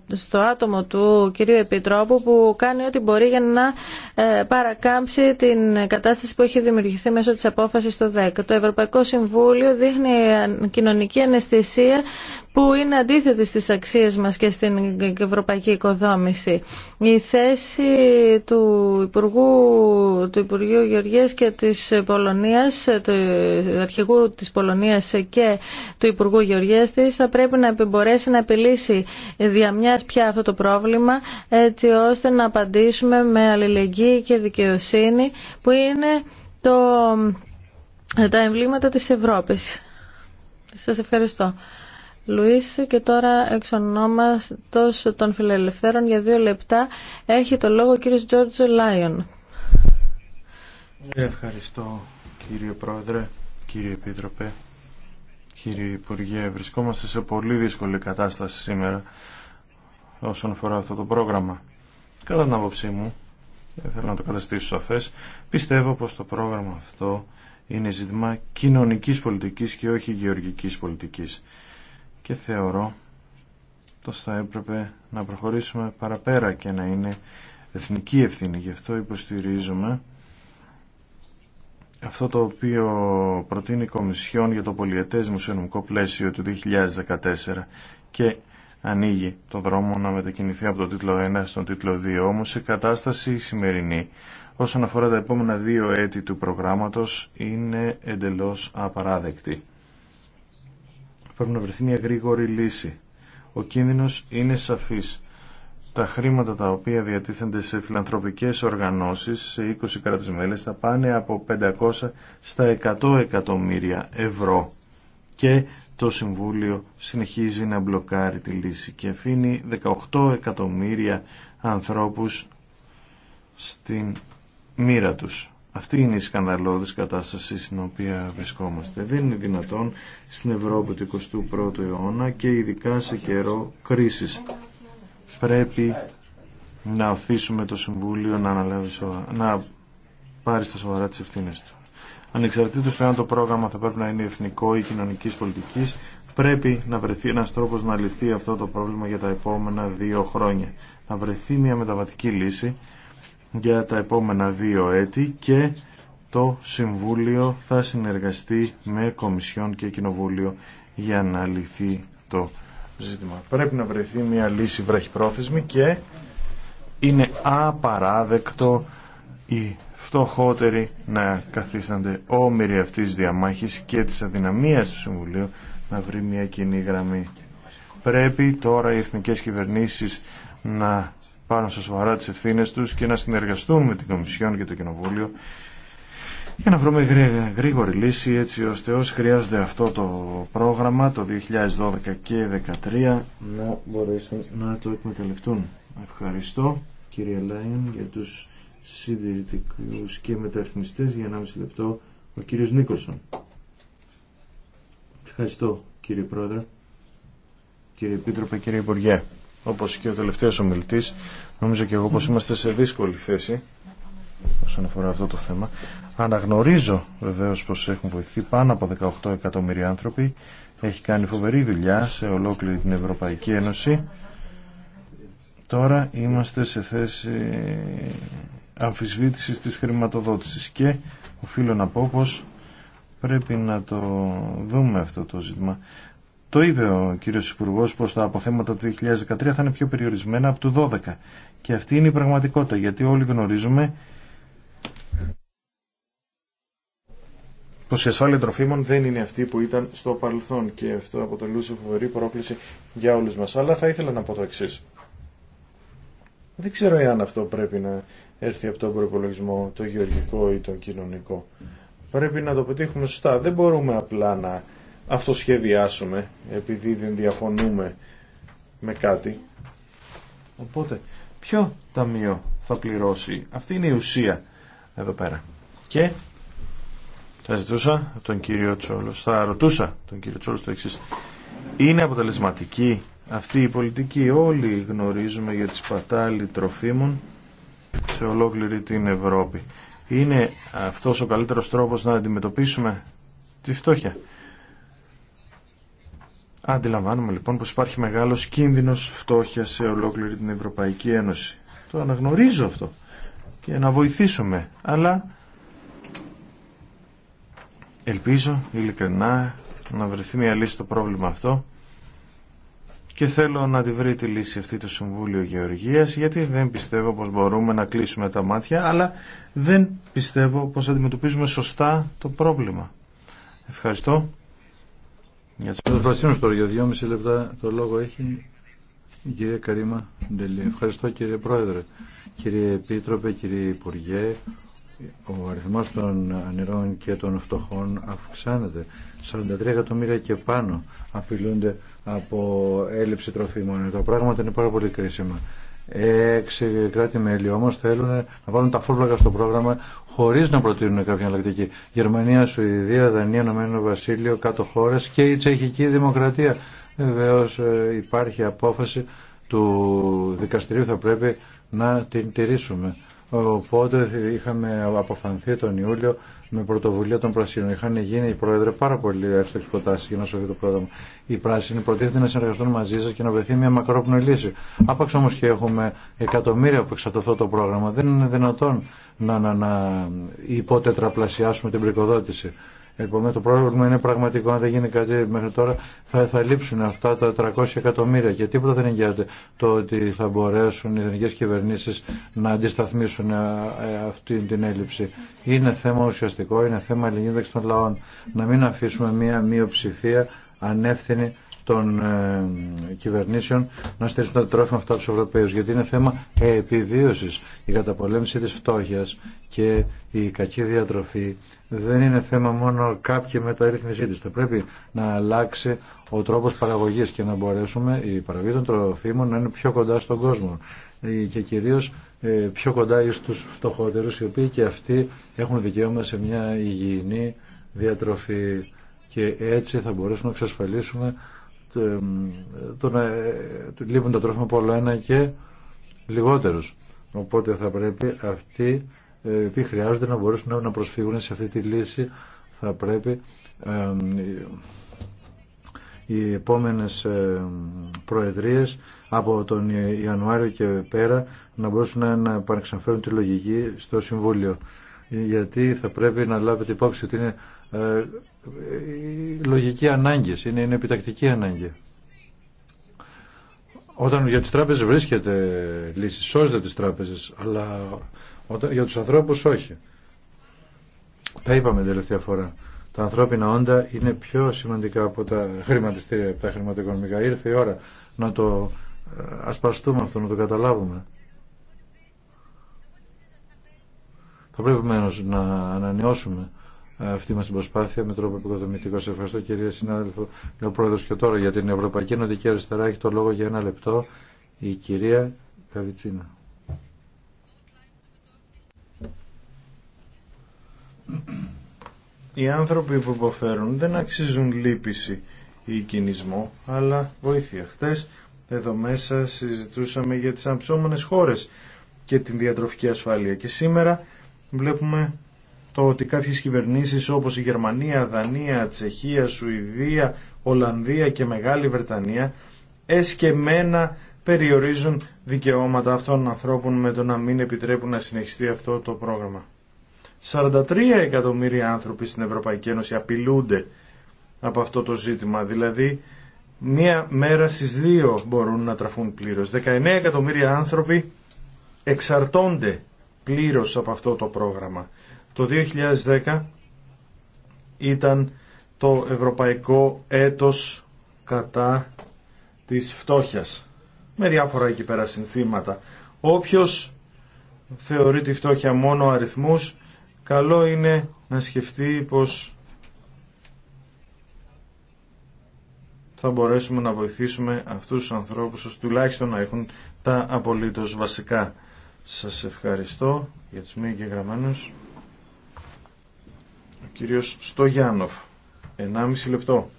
S3: στο, άτομο του κυρίου Επιτρόπου που κάνει ό,τι μπορεί για να ε, παρακάμψει την κατάσταση που έχει δημιουργηθεί μέσω της απόφασης του 10. Το Ευρωπαϊκό Συμβούλιο δείχνει κοινωνική αναισθησία που είναι αντίθετη στις αξίες μας και στην ευρωπαϊκή οικοδόμηση. Η θέση του Υπουργού, του Υπουργείου Γεωργίας και της Πολωνίας, του αρχηγού της Πολωνίας και του Υπουργού Γεωργίας της θα πρέπει να μπορέσει να επιλύσει διαμιάς πια αυτό το πρόβλημα έτσι ώστε να απαντήσουμε με αλληλεγγύη και δικαιοσύνη που είναι το, τα εμβλήματα της Ευρώπης. Σας ευχαριστώ. Λουίς και τώρα εξ ονόματος των φιλελευθέρων για δύο λεπτά έχει το λόγο ο κύριος Τζόρτζ Λάιον.
S2: Ευχαριστώ κύριε Πρόεδρε, κύριε Επίτροπε, κύριε Υπουργέ. Βρισκόμαστε σε πολύ δύσκολη κατάσταση σήμερα όσον αφορά αυτό το πρόγραμμα. Κατά την άποψή μου, δεν θέλω να το καταστήσω σαφές, πιστεύω πως το πρόγραμμα αυτό είναι ζήτημα κοινωνικής πολιτικής και όχι γεωργικής πολιτικής και θεωρώ πως θα έπρεπε να προχωρήσουμε παραπέρα και να είναι εθνική ευθύνη. Γι' αυτό υποστηρίζουμε αυτό το οποίο προτείνει η Κομισιόν για το πολιετές μουσιονομικό πλαίσιο του 2014 και ανοίγει το δρόμο να μετακινηθεί από τον τίτλο 1 στον τίτλο 2. Όμως η κατάσταση σημερινή όσον αφορά τα επόμενα δύο έτη του προγράμματος είναι εντελώς απαράδεκτη. Πρέπει να βρεθεί μια γρήγορη λύση. Ο κίνδυνος είναι σαφής. Τα χρήματα τα οποία διατίθενται σε φιλανθρωπικές οργανώσεις σε 20 κράτες θα πάνε από 500 στα 100 εκατομμύρια ευρώ και το Συμβούλιο συνεχίζει να μπλοκάρει τη λύση και αφήνει 18 εκατομμύρια ανθρώπους στην μοίρα τους. Αυτή είναι η σκανδαλώδης κατάσταση στην οποία βρισκόμαστε. Δεν είναι δυνατόν στην Ευρώπη του 21ου αιώνα και ειδικά σε καιρό κρίσης. Πρέπει να αφήσουμε το Συμβούλιο να, αναλάβει να πάρει στα σοβαρά τις ευθύνες του. Ανεξαρτήτως του αν το πρόγραμμα θα πρέπει να είναι εθνικό ή κοινωνική πολιτική, πρέπει να βρεθεί ένα τρόπο να λυθεί αυτό το πρόβλημα για τα επόμενα δύο χρόνια. Θα βρεθεί μια μεταβατική λύση για τα επόμενα δύο έτη και το Συμβούλιο θα συνεργαστεί με Κομισιόν και Κοινοβούλιο για να λυθεί το ζήτημα. Πρέπει να βρεθεί μια λύση βραχυπρόθεσμη και είναι απαράδεκτο οι φτωχότεροι να καθίστανται όμοιροι αυτής της διαμάχης και της αδυναμίας του Συμβουλίου να βρει μια κοινή γραμμή. Πρέπει τώρα οι Εθνικέ κυβερνήσει να πάρουν στα σοβαρά τι ευθύνε του και να συνεργαστούν με την Κομισιόν και το Κοινοβούλιο για να βρούμε γρήγορη λύση έτσι ώστε όσοι χρειάζονται αυτό το πρόγραμμα το 2012 και 2013 να μπορέσουν να το εκμεταλλευτούν. Ευχαριστώ κύριε Λάιον για τους συντηρητικού και μεταρρυθμιστές για 1,5 λεπτό ο κύριος Νίκολσον. Ευχαριστώ κύριε Πρόεδρε, κύριε Επίτροπε, κύριε Υπουργέ όπως και ο τελευταίος ομιλητής, νομίζω και εγώ πως είμαστε σε δύσκολη θέση όσον αφορά αυτό το θέμα. Αναγνωρίζω βεβαίως πως έχουν βοηθεί πάνω από 18 εκατομμύρια άνθρωποι. Έχει κάνει φοβερή δουλειά σε ολόκληρη την Ευρωπαϊκή Ένωση. Τώρα είμαστε σε θέση αμφισβήτησης της χρηματοδότησης και οφείλω να πω πως πρέπει να το δούμε αυτό το ζήτημα το είπε ο κύριο Υπουργός πως τα αποθέματα του 2013 θα είναι πιο περιορισμένα από του 2012. Και αυτή είναι η πραγματικότητα γιατί όλοι γνωρίζουμε πως η ασφάλεια τροφίμων δεν είναι αυτή που ήταν στο παρελθόν και αυτό αποτελούσε φοβερή πρόκληση για όλου μα. Αλλά θα ήθελα να πω το εξή. Δεν ξέρω εάν αυτό πρέπει να έρθει από τον προπολογισμό, το γεωργικό ή τον κοινωνικό. Πρέπει να το πετύχουμε σωστά. Δεν μπορούμε απλά να αυτοσχεδιάσουμε επειδή δεν διαφωνούμε με κάτι. Οπότε, ποιο ταμείο θα πληρώσει. Αυτή είναι η ουσία εδώ πέρα. Και θα ζητούσα τον κύριο Τσόλος, θα ρωτούσα τον κύριο Τσόλο το εξή. Είναι αποτελεσματική αυτή η πολιτική. Όλοι γνωρίζουμε για τις σπατάλη τροφίμων σε ολόκληρη την Ευρώπη. Είναι αυτός ο καλύτερος τρόπος να αντιμετωπίσουμε τη φτώχεια. Αντιλαμβάνουμε λοιπόν πως υπάρχει μεγάλος κίνδυνος φτώχεια σε ολόκληρη την Ευρωπαϊκή Ένωση. Το αναγνωρίζω αυτό και να βοηθήσουμε, αλλά ελπίζω ειλικρινά να βρεθεί μια λύση στο πρόβλημα αυτό και θέλω να τη βρει τη λύση αυτή το Συμβούλιο Γεωργίας γιατί δεν πιστεύω πως μπορούμε να κλείσουμε τα μάτια αλλά δεν πιστεύω πως αντιμετωπίζουμε σωστά το πρόβλημα. Ευχαριστώ. Για
S1: τώρα για λεπτά το λόγο έχει η κυρία Καρίμα Ντελή. Ευχαριστώ κύριε Πρόεδρε, κύριε Επίτροπε, κύριε Υπουργέ. Ο αριθμός των ανηρών και των φτωχών αυξάνεται. 43 εκατομμύρια και πάνω απειλούνται από έλλειψη τροφίμων. Τα πράγματα είναι πάρα πολύ κρίσιμα. Έξι κράτη-μέλη όμω θέλουν να βάλουν τα φόρμακα στο πρόγραμμα χωρί να προτείνουν κάποια εναλλακτική. Γερμανία, Σουηδία, Δανία, Ηνωμένο Βασίλειο, κάτω χώρε και η Τσεχική Δημοκρατία. Βεβαίω ε, υπάρχει απόφαση του δικαστηρίου θα πρέπει να την τηρήσουμε. Οπότε είχαμε αποφανθεί τον Ιούλιο με πρωτοβουλία των Πρασίνων. Είχαν γίνει οι πρόεδρε πάρα πολύ εύστοχε προτάσει για να σωθεί το πρόγραμμα. Οι πράσινοι προτίθεται να συνεργαστούν μαζί σα και να βρεθεί μια μακρόπνοη λύση. Άπαξ όμω και έχουμε εκατομμύρια που εξαρτωθώ το πρόγραμμα. Δεν είναι δυνατόν να, να, να υποτετραπλασιάσουμε την πρικοδότηση. Επομένω το πρόβλημα είναι πραγματικό. Αν δεν γίνει κάτι μέχρι τώρα θα, θα λείψουν αυτά τα 300 εκατομμύρια και τίποτα δεν εγγυάται το ότι θα μπορέσουν οι εθνικέ κυβερνήσει να αντισταθμίσουν ε, αυτή την έλλειψη. Είναι θέμα ουσιαστικό, είναι θέμα ελληνίδα των λαών. Να μην αφήσουμε μια μειοψηφία ανεύθυνη των ε, κυβερνήσεων να στήσουν τα τρόφιμα αυτά του Ευρωπαίου. Γιατί είναι θέμα επιβίωση. Η καταπολέμηση τη φτώχεια και η κακή διατροφή δεν είναι θέμα μόνο κάποια μεταρρύθμιση τη. Θα πρέπει να αλλάξει ο τρόπο παραγωγή και να μπορέσουμε η παραγωγή των τροφίμων να είναι πιο κοντά στον κόσμο ε, και κυρίω ε, πιο κοντά στους φτωχότερους οι οποίοι και αυτοί έχουν δικαίωμα σε μια υγιεινή διατροφή και έτσι θα μπορέσουμε να εξασφαλίσουμε το να ε, λείπουν τα τρόφιμα από όλο ένα και λιγότερους. Οπότε θα πρέπει αυτοί ε, που χρειάζονται να μπορέσουν να προσφύγουν σε αυτή τη λύση. Θα πρέπει οι επόμενες ε, προεδρίες από τον Ιανουάριο και πέρα να μπορούσαν να επανεξαφέρουν τη λογική στο Συμβούλιο. Γιατί θα πρέπει να λάβετε υπόψη ότι είναι ε, λογική ανάγκη είναι, είναι επιτακτική ανάγκη. Όταν για τις τράπεζες βρίσκεται λύση, σώζεται τις τράπεζες, αλλά όταν, για τους ανθρώπους όχι. Τα είπαμε τελευταία φορά. Τα ανθρώπινα όντα είναι πιο σημαντικά από τα χρηματιστήρια, από τα χρηματοοικονομικά. Ήρθε η ώρα να το ε, ασπαστούμε αυτό, να το καταλάβουμε. Θα πρέπει μένως να ανανεώσουμε αυτή μας την προσπάθεια με τρόπο επικοδομητικό. Σε ευχαριστώ κυρία συνάδελφο, ο πρόεδρος και τώρα για την Ευρωπαϊκή Νοτική Αριστερά έχει το λόγο για ένα λεπτό η κυρία
S2: Καβιτσίνα. Οι άνθρωποι που υποφέρουν δεν αξίζουν λύπηση ή κινησμό, αλλά βοήθεια. Χθε εδώ μέσα συζητούσαμε για τις αμψόμενες χώρες και την διατροφική ασφάλεια και σήμερα βλέπουμε το ότι κάποιες κυβερνήσεις όπως η Γερμανία, Δανία, Τσεχία, Σουηδία, Ολλανδία και Μεγάλη Βρετανία εσκεμένα περιορίζουν δικαιώματα αυτών των ανθρώπων με το να μην επιτρέπουν να συνεχιστεί αυτό το πρόγραμμα. 43 εκατομμύρια άνθρωποι στην Ευρωπαϊκή Ένωση απειλούνται από αυτό το ζήτημα, δηλαδή μία μέρα στις δύο μπορούν να τραφούν πλήρως. 19 εκατομμύρια άνθρωποι εξαρτώνται πλήρως από αυτό το πρόγραμμα. Το 2010 ήταν το ευρωπαϊκό έτος κατά της φτώχειας. Με διάφορα εκεί πέρα συνθήματα. Όποιος θεωρεί τη φτώχεια μόνο αριθμούς, καλό είναι να σκεφτεί πως θα μπορέσουμε να βοηθήσουμε αυτούς τους ανθρώπους ώστε τουλάχιστον να έχουν τα απολύτως βασικά. Σας ευχαριστώ για τους μη εγγεγραμμένους. Ο κύριος Στογιάνοφ, 1,5 λεπτό.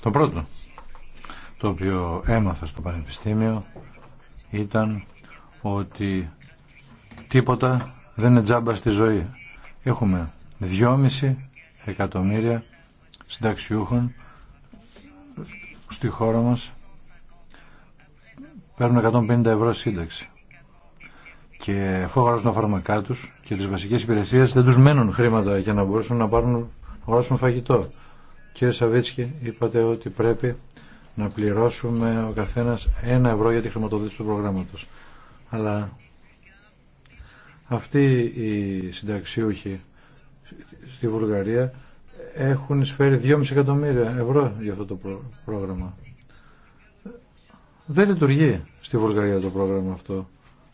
S2: Το πρώτο
S1: το οποίο έμαθα στο Πανεπιστήμιο ήταν ότι τίποτα δεν είναι τζάμπα στη ζωή. Έχουμε 2,5 εκατομμύρια συνταξιούχων στη χώρα μας παίρνουν 150 ευρώ σύνταξη και αφού αγοράσουν τα φάρμακά του και τι βασικέ υπηρεσίε, δεν του μένουν χρήματα για να μπορούν να πάρουν, να αγοράσουν φαγητό. Κύριε Σαββίτσκι, είπατε ότι πρέπει να πληρώσουμε ο καθένα ένα ευρώ για τη χρηματοδότηση του προγράμματο. Αλλά αυτοί οι συνταξιούχοι στη Βουλγαρία έχουν εισφέρει 2,5 εκατομμύρια ευρώ για αυτό το πρόγραμμα. Δεν λειτουργεί στη Βουλγαρία το πρόγραμμα αυτό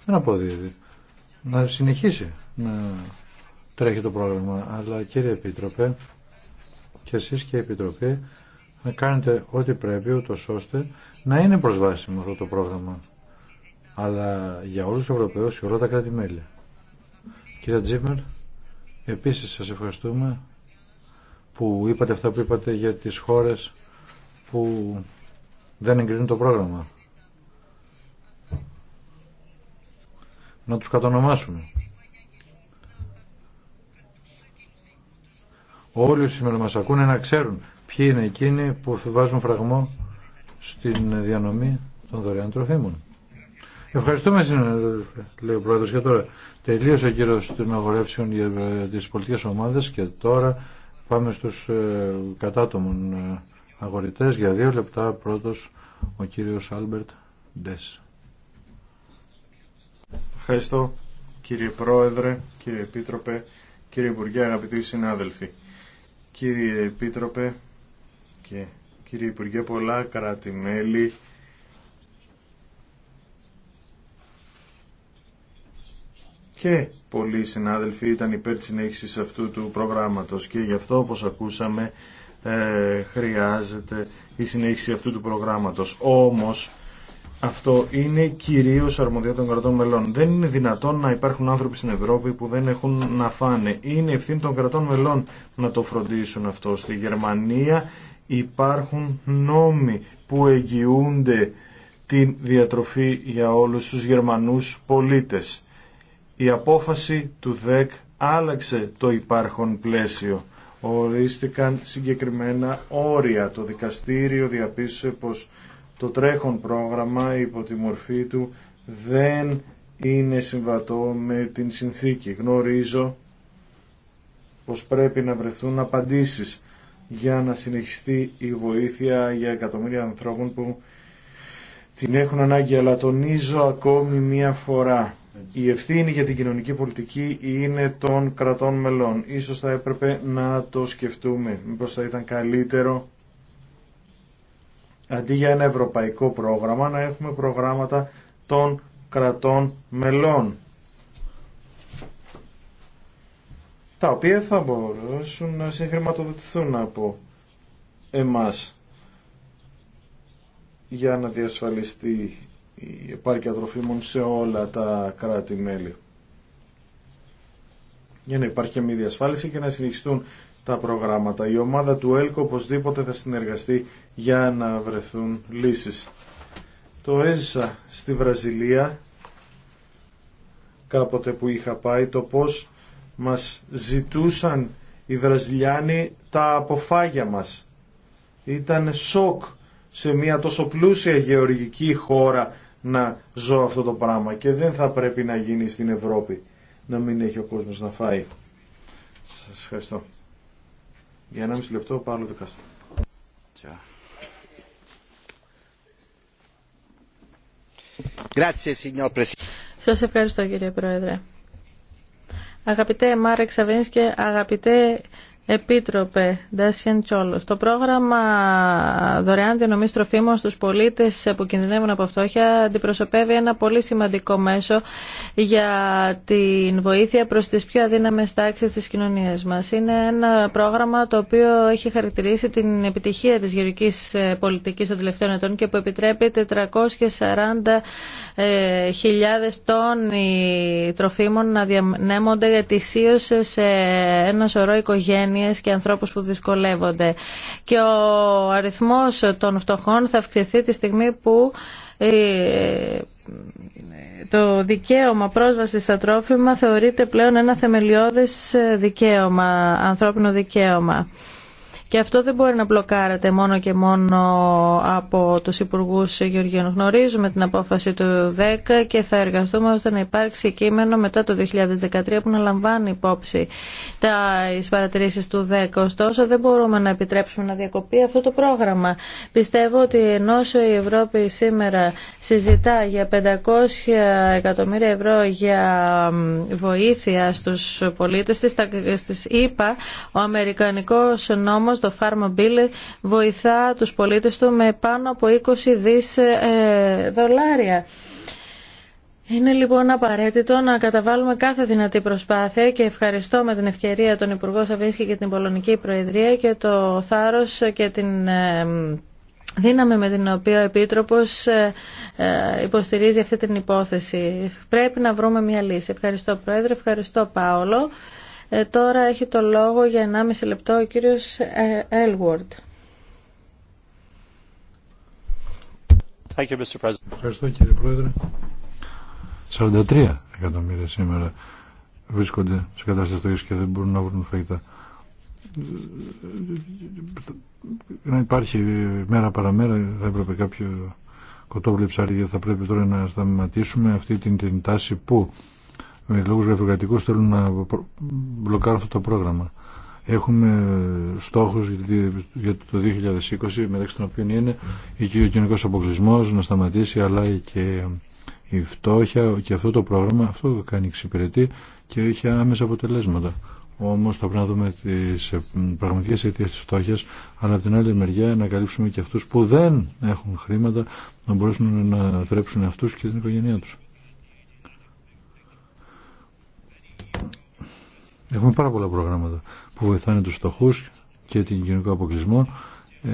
S1: δεν αποδίδει. Δηλαδή. Να συνεχίσει να τρέχει το πρόγραμμα. Αλλά κύριε Επίτροπε, και εσείς και η Επιτροπή να κάνετε ό,τι πρέπει ούτω ώστε να είναι προσβάσιμο αυτό το πρόγραμμα. Αλλά για όλους τους Ευρωπαίους και όλα τα κράτη-μέλη. Κύριε Τζίμερ, επίσης σας ευχαριστούμε που είπατε αυτά που είπατε για τις χώρες που δεν εγκρίνουν το πρόγραμμα. να τους κατονομάσουμε. Όλοι σήμερα μας ακούνε να ξέρουν ποιοι είναι εκείνοι που βάζουν φραγμό στην διανομή των δωρεάν τροφίμων. Ευχαριστούμε, λέει ο Πρόεδρος. Και τώρα τελείωσε ο κύριος των αγορεύσεων για ε, τις πολιτικές ομάδες και τώρα πάμε στους ε, κατάτομων ε, αγορητές. Για δύο λεπτά πρώτος ο κύριος Άλμπερτ Ντες.
S2: Ευχαριστώ κύριε Πρόεδρε, κύριε Επίτροπε, κύριε Υπουργέ, αγαπητοί συνάδελφοι. Κύριε Επίτροπε και κύριε Υπουργέ, πολλά κράτη-μέλη και πολλοί συνάδελφοι ήταν υπέρ της συνέχισης αυτού του προγράμματος και γι' αυτό όπως ακούσαμε ε, χρειάζεται η συνέχιση αυτού του προγράμματος. Όμως αυτό είναι κυρίως αρμοδιότητα των κρατών μελών. Δεν είναι δυνατόν να υπάρχουν άνθρωποι στην Ευρώπη που δεν έχουν να φάνε. Είναι ευθύνη των κρατών μελών να το φροντίσουν αυτό. Στη Γερμανία υπάρχουν νόμοι που εγγυούνται την διατροφή για όλους τους Γερμανούς πολίτες. Η απόφαση του ΔΕΚ άλλαξε το υπάρχον πλαίσιο. Ορίστηκαν συγκεκριμένα όρια. Το δικαστήριο διαπίστωσε πως το τρέχον πρόγραμμα υπό τη μορφή του δεν είναι συμβατό με την συνθήκη. Γνωρίζω πως πρέπει να βρεθούν απαντήσεις για να συνεχιστεί η βοήθεια για εκατομμύρια ανθρώπων που την έχουν ανάγκη, αλλά τονίζω ακόμη μία φορά. Η ευθύνη για την κοινωνική πολιτική είναι των κρατών μελών. Ίσως θα έπρεπε να το σκεφτούμε. Μήπως θα ήταν καλύτερο αντί για ένα ευρωπαϊκό πρόγραμμα να έχουμε προγράμματα των κρατών μελών τα οποία θα μπορούσαν να συγχρηματοδοτηθούν από εμάς για να διασφαλιστεί η επάρκεια τροφίμων σε όλα τα κράτη-μέλη. Για να υπάρχει και μη διασφάλιση και να συνεχιστούν τα προγράμματα. Η ομάδα του ΕΛΚΟ οπωσδήποτε θα συνεργαστεί για να βρεθούν λύσεις. Το έζησα στη Βραζιλία κάποτε που είχα πάει το πώς μας ζητούσαν οι Βραζιλιάνοι τα αποφάγια μας. Ήταν σοκ σε μια τόσο πλούσια γεωργική χώρα να ζω αυτό το πράγμα και δεν θα πρέπει να γίνει στην Ευρώπη να μην έχει ο κόσμος να φάει. Σας ευχαριστώ. Για 1,5 λεπτό, το Δεκάστρο.
S3: Σας ευχαριστώ κύριε Πρόεδρε. Αγαπητέ Μάρε Ξαβίνσκε, αγαπητέ Επίτροπε Ντάσιαν Τσόλο, το πρόγραμμα δωρεάν διανομή τροφίμων στου πολίτε που κινδυνεύουν από φτώχεια αντιπροσωπεύει ένα πολύ σημαντικό μέσο για την βοήθεια προ τι πιο αδύναμε τάξει τη κοινωνία μα. Είναι ένα πρόγραμμα το οποίο έχει χαρακτηρίσει την επιτυχία τη γεωργική ε, πολιτική των τελευταίων ετών και που επιτρέπει 440.000 ε, τόνοι τροφίμων να διανέμονται ετησίω σε ένα σωρό οικογένειε και ανθρώπους που δυσκολεύονται. Και ο αριθμός των φτωχών θα αυξηθεί τη στιγμή που ε, το δικαίωμα πρόσβαση στα τρόφιμα θεωρείται πλέον ένα θεμελιώδες δικαίωμα, ανθρώπινο δικαίωμα. Και αυτό δεν μπορεί να μπλοκάρεται μόνο και μόνο από του υπουργού Γεωργίων. Γνωρίζουμε την απόφαση του 10 και θα εργαστούμε ώστε να υπάρξει κείμενο μετά το 2013 που να λαμβάνει υπόψη τα παρατηρήσει του 10. Ωστόσο δεν μπορούμε να επιτρέψουμε να διακοπεί αυτό το πρόγραμμα. Πιστεύω ότι ενώ η Ευρώπη σήμερα συζητά για 500 εκατομμύρια ευρώ για βοήθεια στους πολίτες της, ΗΠΑ, ο Αμερικανικός νόμος το Farm βοηθά τους πολίτες του με πάνω από 20 δις ε, δολάρια. Είναι λοιπόν απαραίτητο να καταβάλουμε κάθε δυνατή προσπάθεια και ευχαριστώ με την ευκαιρία τον Υπουργό Σαββίσκη και την Πολωνική Προεδρία και το θάρρος και την ε, δύναμη με την οποία ο Επίτροπος ε, υποστηρίζει αυτή την υπόθεση. Πρέπει να βρούμε μια λύση. Ευχαριστώ Πρόεδρε, ευχαριστώ Πάολο. Ε, τώρα έχει το λόγο για 1,5 λεπτό ο κύριος Έλγουαρντ.
S1: Ε, Ευχαριστώ κύριε Πρόεδρε. 43 εκατομμύρια σήμερα βρίσκονται σε κατάσταση και δεν μπορούν να βρουν φαγητά. Να υπάρχει μέρα παραμέρα θα έπρεπε κάποιο κοτόπουλο ψάρι θα πρέπει τώρα να σταματήσουμε αυτή την, την τάση που με λόγους γραφειοκρατικούς θέλουν να μπλοκάρουν αυτό το πρόγραμμα. Έχουμε στόχους για το 2020 μεταξύ των οποίων είναι και ο κοινωνικός αποκλεισμός να σταματήσει αλλά και η φτώχεια και αυτό το πρόγραμμα αυτό κάνει εξυπηρετή και έχει άμεσα αποτελέσματα. Όμω θα πρέπει να δούμε τι ε, πραγματικέ αιτίε τη φτώχεια, αλλά από την άλλη μεριά να καλύψουμε και αυτού που δεν έχουν χρήματα να μπορέσουν να θρέψουν αυτού και την οικογένειά του. Έχουμε πάρα πολλά προγράμματα που βοηθάνε τους φτωχού και την κοινωνικό αποκλεισμό. Ε,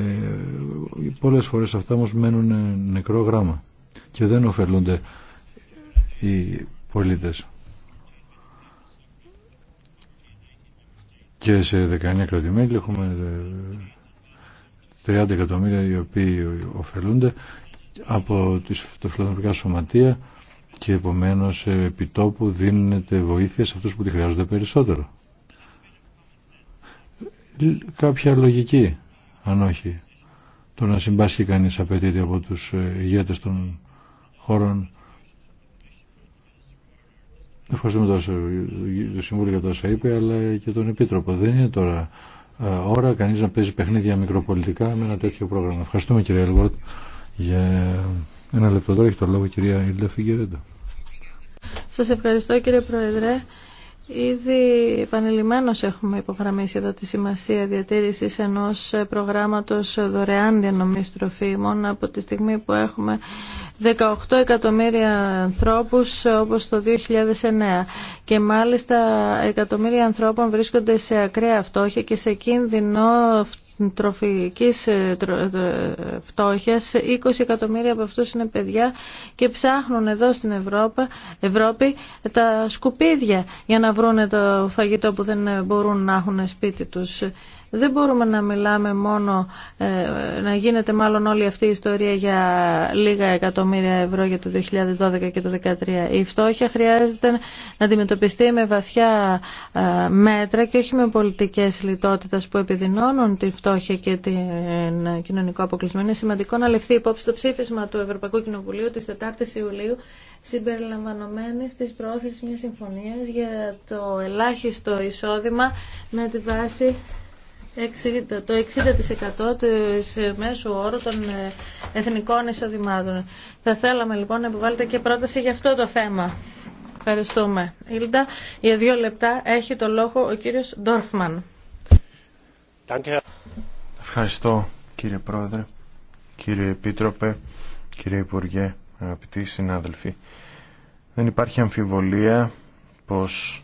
S1: πολλές φορές αυτά όμως μένουν νεκρό γράμμα και δεν ωφελούνται οι πολίτες. Και σε 19 κρατημέλη έχουμε 30 ε, εκατομμύρια οι οποίοι ωφελούνται από τις φιλοδομικά σωματεία και επομένως ε, επιτόπου δίνεται βοήθεια σε αυτούς που τη χρειάζονται περισσότερο. Κάποια λογική, αν όχι, το να συμπάσχει κανείς απαιτείται από τους ε, ηγέτες των χώρων. Ευχαριστούμε το Συμβούλιο για το όσα είπε, αλλά και τον Επίτροπο. Δεν είναι τώρα ε, ώρα κανείς να παίζει παιχνίδια μικροπολιτικά με ένα τέτοιο πρόγραμμα. Ευχαριστούμε κύριε Έλγορτ για ένα λεπτό τώρα έχει το λόγο κυρία Ήλτα Φιγκερέντα.
S3: Σας ευχαριστώ κύριε Πρόεδρε. Ήδη επανειλημμένως έχουμε υπογραμμίσει εδώ τη σημασία διατήρησης ενός προγράμματος δωρεάν διανομής τροφίμων από τη στιγμή που έχουμε 18 εκατομμύρια ανθρώπους όπως το 2009 και μάλιστα εκατομμύρια ανθρώπων βρίσκονται σε ακραία φτώχεια και σε κίνδυνο τροφικής ε, ε, ε, φτώχειας. 20 εκατομμύρια από αυτούς είναι παιδιά και ψάχνουν εδώ στην Ευρώπη, Ευρώπη τα σκουπίδια για να βρουν το φαγητό που δεν μπορούν να έχουν σπίτι τους. Δεν μπορούμε να μιλάμε μόνο, ε, να γίνεται μάλλον όλη αυτή η ιστορία για λίγα εκατομμύρια ευρώ για το 2012 και το 2013. Η φτώχεια χρειάζεται να αντιμετωπιστεί με βαθιά ε, μέτρα και όχι με πολιτικές λιτότητας που επιδεινώνουν τη φτώχεια και την ε, κοινωνικό αποκλεισμό. Είναι σημαντικό να ληφθεί υπόψη το ψήφισμα του Ευρωπαϊκού Κοινοβουλίου τη 4 η Ιουλίου συμπεριλαμβανομένη τη προώθηση μια συμφωνία για το ελάχιστο εισόδημα με τη βάση το 60% της μέσου όρου των ε, εθνικών εισοδημάτων. Θα θέλαμε λοιπόν να επιβάλλετε και πρόταση για αυτό το θέμα. Ευχαριστούμε. Ήλτα, για δύο λεπτά έχει το λόγο ο κύριος Ντόρφμαν.
S2: Ευχαριστώ κύριε Πρόεδρε, κύριε Επίτροπε, κύριε Υπουργέ, αγαπητοί συνάδελφοι. Δεν υπάρχει αμφιβολία πως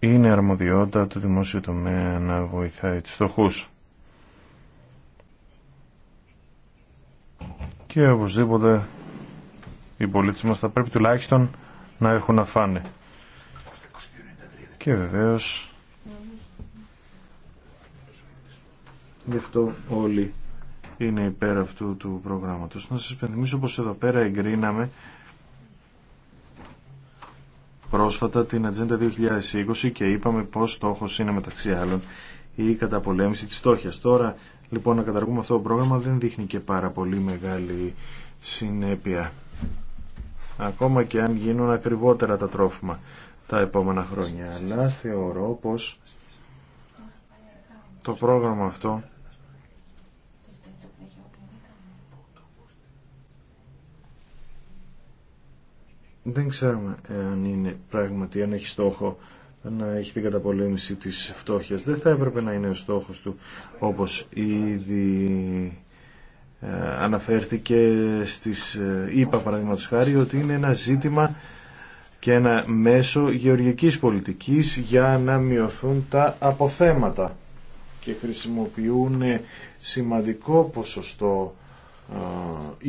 S2: είναι αρμοδιότητα του δημόσιου τομέα να βοηθάει τους στοχούς. Και οπωσδήποτε οι πολίτες μας θα πρέπει τουλάχιστον να έχουν να φάνε. Και βεβαίως... Γι' αυτό όλοι είναι υπέρ αυτού του προγράμματος. Να σας πενθυμίσω πως εδώ πέρα εγκρίναμε πρόσφατα την Ατζέντα 2020 και είπαμε πως στόχος είναι μεταξύ άλλων η καταπολέμηση της στόχιας. Τώρα λοιπόν να καταργούμε αυτό το πρόγραμμα δεν δείχνει και πάρα πολύ μεγάλη συνέπεια. Ακόμα και αν γίνουν ακριβότερα τα τρόφιμα τα επόμενα χρόνια. Αλλά θεωρώ πως το πρόγραμμα αυτό δεν ξέρουμε αν είναι πράγματι, αν έχει στόχο να έχει την καταπολέμηση της φτώχειας. Δεν θα έπρεπε να είναι ο στόχος του, όπως ήδη ε, αναφέρθηκε στις ΙΠΑ ε, παραδείγματος χάρη, ότι είναι ένα ζήτημα και ένα μέσο γεωργικής πολιτικής για να μειωθούν τα αποθέματα και χρησιμοποιούν σημαντικό ποσοστό ε,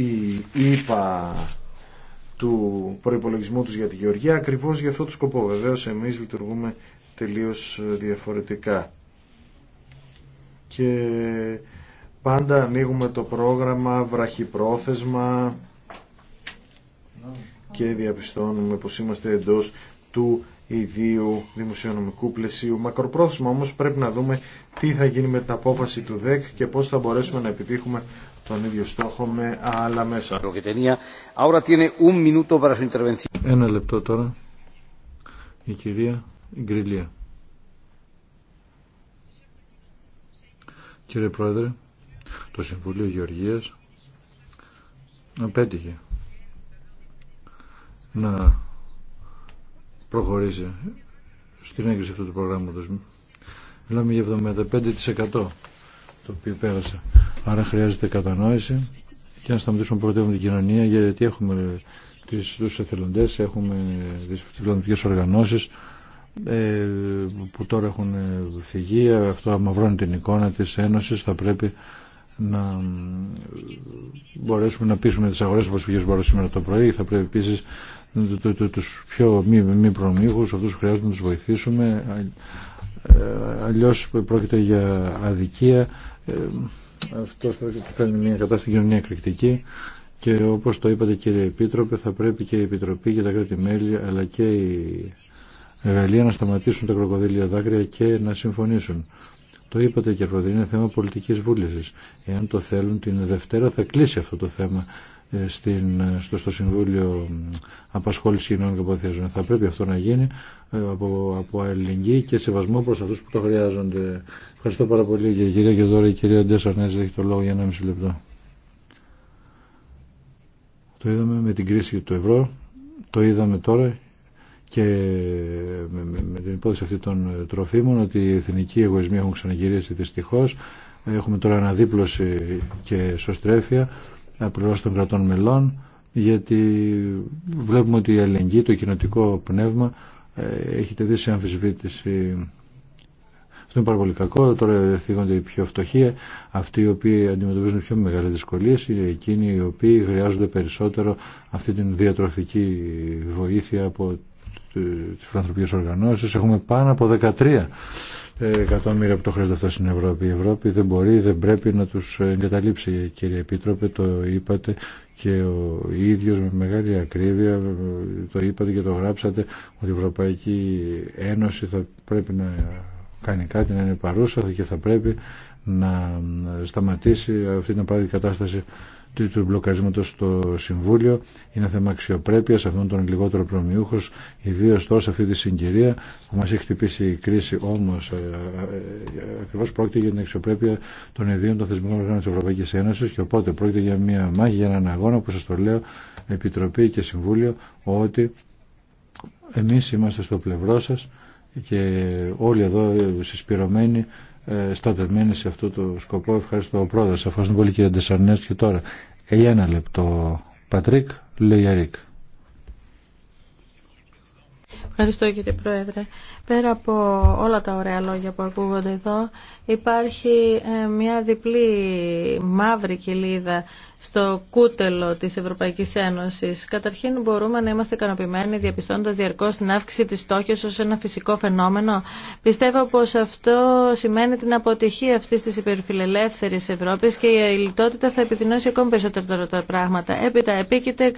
S2: η ΕΠΑ του προϋπολογισμού τους για τη Γεωργία ακριβώς για αυτό το σκοπό. Βεβαίως εμείς λειτουργούμε τελείως ε, διαφορετικά. Και πάντα ανοίγουμε το πρόγραμμα βραχυπρόθεσμα και διαπιστώνουμε πως είμαστε εντός του ιδίου δημοσιονομικού πλαισίου. Μακροπρόθεσμα όμως πρέπει να δούμε τι θα γίνει με την απόφαση του ΔΕΚ και πώς θα μπορέσουμε να επιτύχουμε τον ίδιο στόχο με άλλα
S4: μέσα.
S1: Ένα λεπτό τώρα. Η κυρία Γκριλία. Κύριε Πρόεδρε, το Συμβουλίο Γεωργίας απέτυχε να προχωρήσει στην έγκριση αυτού του προγράμματο. Μιλάμε για 75% το οποίο πέρασε. Άρα χρειάζεται κατανόηση και να σταματήσουμε πρωτεύον την κοινωνία γιατί έχουμε τις, τους εθελοντές, έχουμε τις εθελοντικές οργανώσεις ε, που τώρα έχουν φυγεί. αυτό αμαυρώνει την εικόνα της Ένωσης, θα πρέπει να μπορέσουμε να πείσουμε τις αγορές όπως πήγες μπορώ σήμερα το πρωί, θα πρέπει επίσης τους πιο μη, μη προμήχους, αυτούς χρειάζεται να τους βοηθήσουμε, ε, αλλιώς πρόκειται για αδικία ε, αυτό θα κάνει μια κατάσταση κοινωνία εκρηκτική και όπως το είπατε κύριε Επίτροπε θα πρέπει και η Επιτροπή και τα κράτη-μέλη αλλά και η Γαλλία να σταματήσουν τα κροκοδίλια δάκρυα και να συμφωνήσουν. Το είπατε κύριε Πρόεδρε είναι θέμα πολιτικής βούλησης. Εάν το θέλουν την Δευτέρα θα κλείσει αυτό το θέμα ε, στην, στο, Συμβούλιο Απασχόληση Κοινών και Αποθέσεων. Θα πρέπει αυτό να γίνει ε, από, από αλληλεγγύη και σεβασμό προς αυτούς που το χρειάζονται. Ευχαριστώ πάρα πολύ και κυρία και τώρα η κυρία Ντέσσαρνέζη έχει το λόγο για ένα μισή λεπτό. Το είδαμε με την κρίση του ευρώ, το είδαμε τώρα και με την υπόθεση αυτή των ε, τροφίμων ότι οι εθνικοί εγωισμοί έχουν ξαναγυρίσει δυστυχώ. Έχουμε τώρα αναδίπλωση και σωστρέφεια απλώς των κρατών μελών γιατί βλέπουμε ότι η αλληλεγγύη, το κοινοτικό πνεύμα ε, έχει τεθεί σε αμφισβήτηση αυτό είναι πάρα πολύ κακό. Τώρα θίγονται οι πιο φτωχοί, αυτοί οι οποίοι αντιμετωπίζουν πιο μεγάλε δυσκολίε, εκείνοι οι οποίοι χρειάζονται περισσότερο αυτή την διατροφική βοήθεια από τι φιλανθρωπικέ οργανώσει. Έχουμε πάνω από 13 εκατομμύρια που το χρειάζεται αυτό στην Ευρώπη. Η Ευρώπη δεν μπορεί, δεν πρέπει να του εγκαταλείψει, κύριε Επίτροπε, το είπατε και ο ίδιος με μεγάλη ακρίβεια το είπατε και το γράψατε ότι η Ευρωπαϊκή Ένωση θα πρέπει να κάνει κάτι, να είναι παρούσα και θα πρέπει να σταματήσει αυτή την απαράδεκτη κατάσταση του μπλοκαρισμού στο Συμβούλιο. Είναι θέμα αξιοπρέπεια αυτών των λιγότερων προμοιούχο, ιδίω τώρα σε αυτή τη συγκυρία που μα έχει χτυπήσει η κρίση. Όμω, ε, ε, ακριβώ πρόκειται για την αξιοπρέπεια των ιδίων των θεσμικών οργάνων τη Ευρωπαϊκή Ένωση και οπότε πρόκειται για μια μάχη, για έναν αγώνα που σα το λέω, Επιτροπή και Συμβούλιο, ότι εμεί είμαστε στο πλευρό σα και όλοι εδώ ε, συσπηρωμένοι ε, στρατευμένοι σε αυτό το σκοπό. Ευχαριστώ ο πρόεδρος. ευχαριστούμε πολύ κύριε Ντεσσαρνές και τώρα. Για ένα λεπτό. Πατρίκ Λεγιαρίκ.
S3: Ευχαριστώ κύριε Πρόεδρε. Πέρα από όλα τα ωραία λόγια που ακούγονται εδώ, υπάρχει ε, μια διπλή μαύρη κοιλίδα στο κούτελο της Ευρωπαϊκής Ένωσης. Καταρχήν μπορούμε να είμαστε ικανοποιημένοι διαπιστώντας διαρκώς την αύξηση της στόχης ως ένα φυσικό φαινόμενο. Πιστεύω πως αυτό σημαίνει την αποτυχία αυτής της υπερφιλελεύθερης Ευρώπης και η λιτότητα θα επιδεινώσει ακόμη περισσότερο τα πράγματα. Έπειτα επίκειται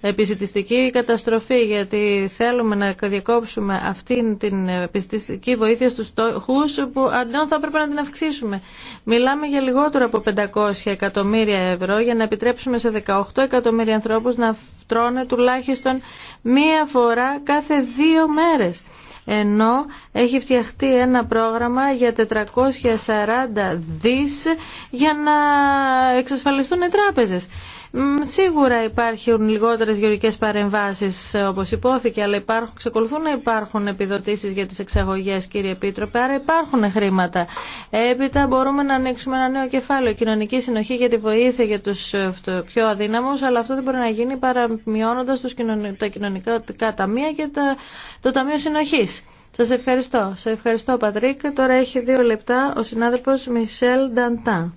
S3: επιζητιστική καταστροφή γιατί θέλουμε να διακόψουμε αυτή την επιζητιστική βοήθεια στους στόχους που αντίον θα έπρεπε να την αυξήσουμε. Μιλάμε για λιγότερο από 500 εκατομμύρια ευρώ για να επιτρέψουμε σε 18 εκατομμύρια ανθρώπους να τρώνε τουλάχιστον μία φορά κάθε δύο μέρες. Ενώ έχει φτιαχτεί ένα πρόγραμμα για 440 δις για να εξασφαλιστούν οι τράπεζες. Σίγουρα υπάρχουν λιγότερε γεωργικέ παρεμβάσει όπω υπόθηκε, αλλά υπάρχουν, ξεκολουθούν να υπάρχουν επιδοτήσει για τι εξαγωγέ, κύριε Επίτροπε, άρα υπάρχουν χρήματα. Έπειτα μπορούμε να ανοίξουμε ένα νέο κεφάλαιο. Κοινωνική συνοχή για τη βοήθεια για του ε, πιο αδύναμου, αλλά αυτό δεν μπορεί να γίνει παρά μειώνοντα τα κοινωνικά ταμεία και τα, το Ταμείο Συνοχή. Σα ευχαριστώ. Σα ευχαριστώ, Πατρίκ. Τώρα έχει δύο λεπτά ο συνάδελφο Μισελ Νταντά.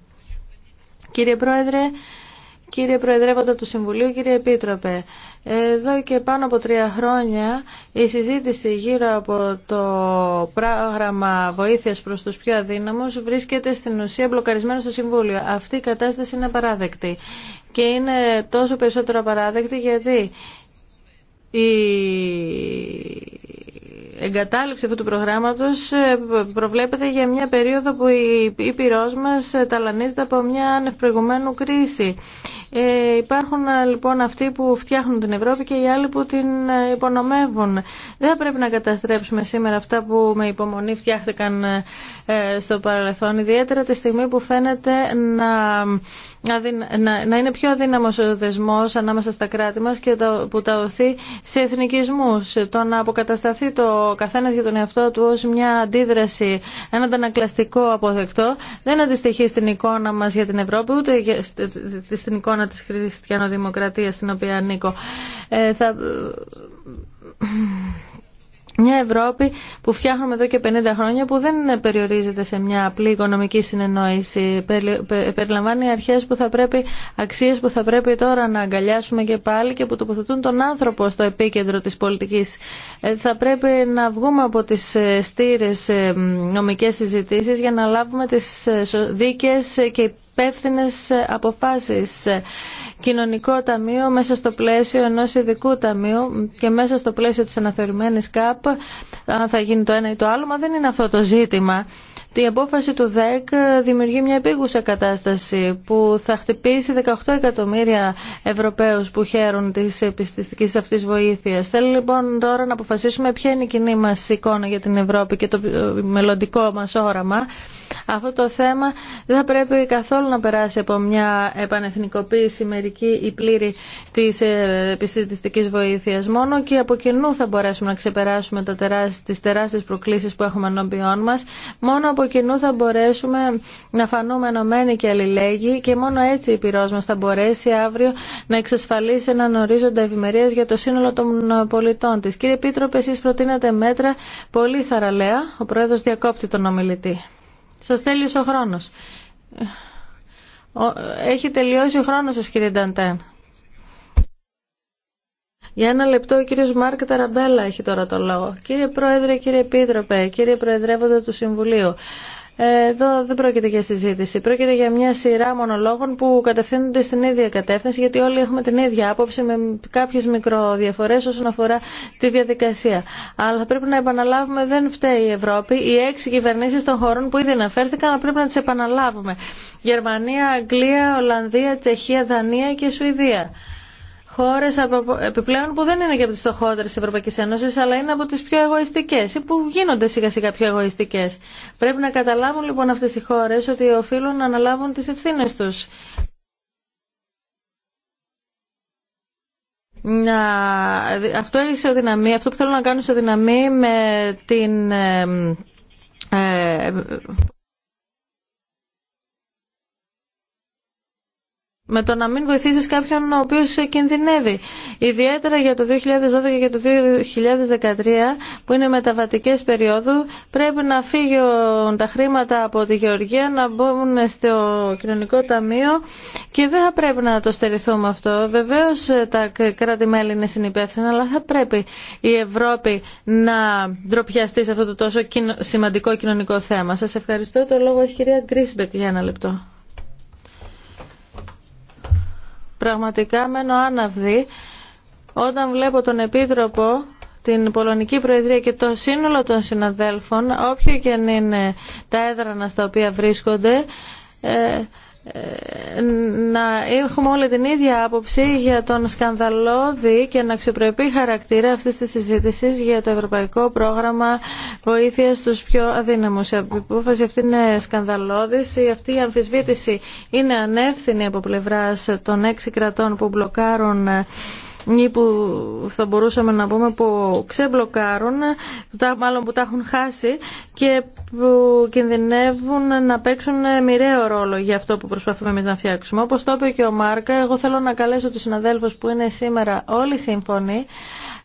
S3: Κύριε Πρόεδρε, Κύριε Προεδρεύοντα του Συμβουλίου, κύριε Επίτροπε, εδώ και πάνω από τρία χρόνια η συζήτηση γύρω από το πρόγραμμα βοήθειας προς τους πιο αδύναμους βρίσκεται στην ουσία μπλοκαρισμένο στο Συμβούλιο. Αυτή η κατάσταση είναι παράδεκτη και είναι τόσο περισσότερο απαράδεκτη γιατί η εγκατάλειψη αυτού του προγράμματος ε, προβλέπεται για μια περίοδο που η Ήπειρός μας ε, ταλανίζεται από μια ανευπροηγουμένου κρίση. Ε, υπάρχουν ε, λοιπόν αυτοί που φτιάχνουν την Ευρώπη και οι άλλοι που την υπονομεύουν. Δεν πρέπει να καταστρέψουμε σήμερα αυτά που με υπομονή φτιάχτηκαν στο παρελθόν, ιδιαίτερα τη στιγμή που φαίνεται να να είναι πιο αδύναμος ο δεσμός ανάμεσα στα κράτη μας και που τα οθεί σε εθνικισμούς. Το να αποκατασταθεί το καθένα για τον εαυτό του ως μια αντίδραση, ένα αντανακλαστικό αποδεκτό, δεν αντιστοιχεί στην εικόνα μας για την Ευρώπη, ούτε στην εικόνα της χριστιανοδημοκρατίας στην οποία ανήκω. Ε, θα... Μια Ευρώπη που φτιάχνουμε εδώ και 50 χρόνια που δεν περιορίζεται σε μια απλή οικονομική συνεννόηση. Περιλαμβάνει αρχές που θα πρέπει, αξίες που θα πρέπει τώρα να αγκαλιάσουμε και πάλι και που τοποθετούν τον άνθρωπο στο επίκεντρο της πολιτικής. Ε, θα πρέπει να βγούμε από τις ε, στήρες ε, νομικές συζητήσεις για να λάβουμε τις δίκες και υπεύθυνε αποφάσεις. Κοινωνικό ταμείο μέσα στο πλαίσιο ενός ειδικού ταμείου και μέσα στο πλαίσιο της αναθεωρημένη ΚΑΠ, αν θα γίνει το ένα ή το άλλο, μα δεν είναι αυτό το ζήτημα. Η απόφαση του ΔΕΚ δημιουργεί μια επίγουσα κατάσταση που θα χτυπήσει 18 εκατομμύρια Ευρωπαίους που χαίρουν της επιστηστικής αυτής βοήθειας. Θέλω λοιπόν τώρα να αποφασίσουμε ποια είναι η κοινή μας εικόνα για την Ευρώπη και το μελλοντικό μας όραμα. Αυτό το θέμα δεν θα πρέπει καθόλου να περάσει από μια επανεθνικοποίηση μερική ή πλήρη της επιστηστικής βοήθειας. Μόνο και από κοινού θα μπορέσουμε να ξεπεράσουμε τα τεράστιε τις προκλήσεις που έχουμε ενώπιόν μας. Μόνο κοινού θα μπορέσουμε να φανούμε ενωμένοι και αλληλέγγυοι και μόνο έτσι η πυρό μα θα μπορέσει αύριο να εξασφαλίσει έναν ορίζοντα ευημερία για το σύνολο των πολιτών τη. Κύριε Επίτροπε, εσεί προτείνατε μέτρα πολύ θαραλέα. Ο πρόεδρο διακόπτει τον ομιλητή. Σα τέλειωσε ο χρόνο. Έχει τελειώσει ο χρόνο σα, κύριε Νταντέν. Για ένα λεπτό ο κύριος Μάρκ Ταραμπέλα έχει τώρα το λόγο. Κύριε Πρόεδρε, κύριε Επίτροπε, κύριε Προεδρεύοντα του Συμβουλίου. Ε, εδώ δεν πρόκειται για συζήτηση. Πρόκειται για μια σειρά μονολόγων που κατευθύνονται στην ίδια κατεύθυνση, γιατί όλοι έχουμε την ίδια άποψη με κάποιε μικροδιαφορέ όσον αφορά τη διαδικασία. Αλλά πρέπει να επαναλάβουμε, δεν φταίει η Ευρώπη. Οι έξι κυβερνήσει των χωρών που ήδη αναφέρθηκαν πρέπει να τι επαναλάβουμε. Γερμανία, Αγγλία, Ολλανδία, Τσεχία, Δανία και Σουηδία χώρες επιπλέον που δεν είναι και από τις στοχότερες της Ευρωπαϊκής Ένωσης, αλλά είναι από τις πιο εγωιστικές ή που γίνονται σιγά σιγά πιο εγωιστικές. Πρέπει να καταλάβουν λοιπόν αυτές οι χώρες ότι οφείλουν να αναλάβουν τις ευθύνες τους. Να... Αυτό, οδυναμία. αυτό που θέλω να κάνουν δύναμη με την... Ε, ε με το να μην βοηθήσεις κάποιον ο οποίος κινδυνεύει. Ιδιαίτερα για το 2012 και το 2013 που είναι μεταβατικές περίοδου πρέπει να φύγουν τα χρήματα από τη Γεωργία να μπουν στο κοινωνικό ταμείο και δεν θα πρέπει να το στερηθούμε αυτό. Βεβαίως ε, τα κράτη-μέλη είναι συνυπεύθυνα αλλά θα πρέπει η Ευρώπη να ντροπιαστεί σε αυτό το τόσο σημαντικό κοινωνικό θέμα. Σας ευχαριστώ. Το λόγο έχει η κυρία Γκρίσμπεκ για ένα λεπτό. Πραγματικά μένω άναυδη όταν βλέπω τον Επίτροπο την Πολωνική Προεδρία και το σύνολο των συναδέλφων, όποιο και αν είναι τα έδρανα στα οποία βρίσκονται, ε, να έχουμε όλη την ίδια άποψη για τον σκανδαλώδη και να αξιοπρεπή χαρακτήρα αυτής της συζήτησης για το Ευρωπαϊκό Πρόγραμμα Βοήθειας στους πιο αδύναμους. Η απόφαση αυτή είναι σκανδαλώδης. Αυτή η αμφισβήτηση είναι ανεύθυνη από πλευράς των έξι κρατών που μπλοκάρουν ε, ή που θα μπορούσαμε να πούμε που ξεμπλοκάρουν, μάλλον που τα έχουν χάσει και που κινδυνεύουν να παίξουν μοιραίο ρόλο για αυτό που προσπαθούμε εμείς να φτιάξουμε. Όπως το είπε και ο Μάρκα, εγώ θέλω να καλέσω τους συναδέλφους που είναι σήμερα όλοι σύμφωνοι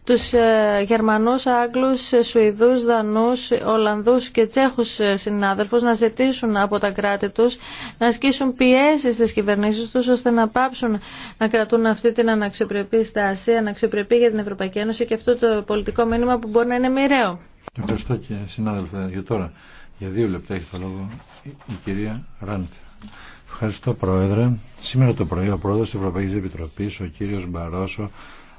S3: τους ε, Γερμανούς, Άγγλους, ε, Σουηδούς, Δανούς, Ολλανδούς και Τσέχους ε, συνάδελφους να ζητήσουν από τα κράτη τους να ασκήσουν πιέσεις στις κυβερνήσεις τους ώστε να πάψουν να κρατούν αυτή την αναξιοπρεπή στάση, αναξιοπρεπή για την Ευρωπαϊκή Ένωση και αυτό το πολιτικό μήνυμα που μπορεί να είναι μοιραίο.
S1: Ευχαριστώ και συνάδελφε για τώρα. Για δύο λεπτά έχει το λόγο η κυρία Ράντ. Ευχαριστώ Πρόεδρε. Σήμερα το πρωί ο Πρόεδρος της Ευρωπαϊκής Επιτροπής, ο κύριος Μπαρόσο,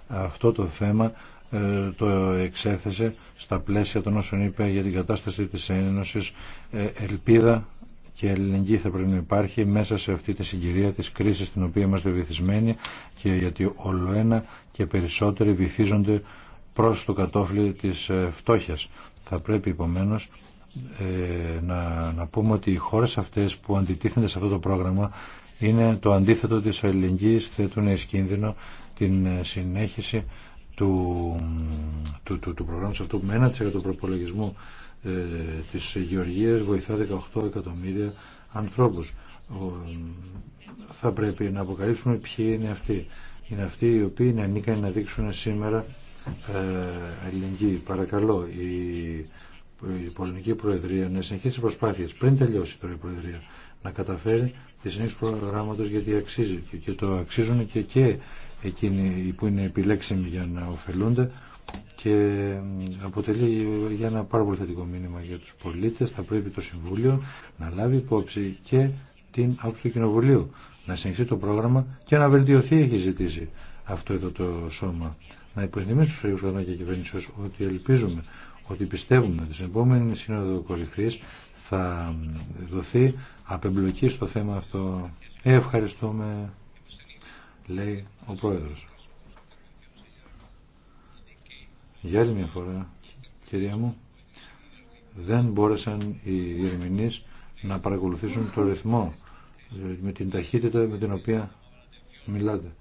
S1: αυτό το θέμα ε, το εξέθεσε στα πλαίσια των όσων είπε για την κατάσταση της Ένωσης ε, ελπίδα και ελληνική θα πρέπει να υπάρχει μέσα σε αυτή τη συγκυρία της κρίσης στην οποία είμαστε βυθισμένοι και γιατί όλο ένα και περισσότεροι βυθίζονται προς το κατόφλι της ε, φτώχειας. Θα πρέπει επομένως να, να πούμε ότι οι χώρες αυτές που αντιτίθενται σε αυτό το πρόγραμμα είναι το αντίθετο της αλληλεγγύης, θέτουν εις κίνδυνο την συνέχιση του, του, του, του προγράμματος αυτού με 1% του προπολογισμού ε, της Γεωργίας βοηθά 18 εκατομμύρια ανθρώπους. Ο, θα πρέπει να αποκαλύψουμε ποιοι είναι αυτοί. Είναι αυτοί οι οποίοι είναι ανήκαν να δείξουν σήμερα ε, αλληλεγγύη. Παρακαλώ η, η Πολωνική Προεδρία να συνεχίσει προσπάθειες πριν τελειώσει τώρα η Προεδρία να καταφέρει τη συνέχιση προγράμματος γιατί αξίζει και, και το αξίζουν και, και εκείνοι που είναι επιλέξιμοι για να ωφελούνται και αποτελεί για ένα πάρα πολύ θετικό μήνυμα για τους πολίτες. Θα πρέπει το Συμβούλιο να λάβει υπόψη και την άποψη του Κοινοβουλίου, να συνεχίσει το πρόγραμμα και να βελτιωθεί έχει ζητήσει αυτό εδώ το σώμα. Να υποθυμίσω στους Αγίους και Κυβέρνησης ότι ελπίζουμε, ότι πιστεύουμε ότι στην επόμενη σύνοδο κορυφής θα δοθεί απεμπλοκή στο θέμα αυτό. Ε, ευχαριστούμε λέει ο πρόεδρος. Για άλλη μια φορά, κυρία μου, δεν μπόρεσαν οι διερμηνείς να παρακολουθήσουν το ρυθμό με την ταχύτητα με την οποία μιλάτε.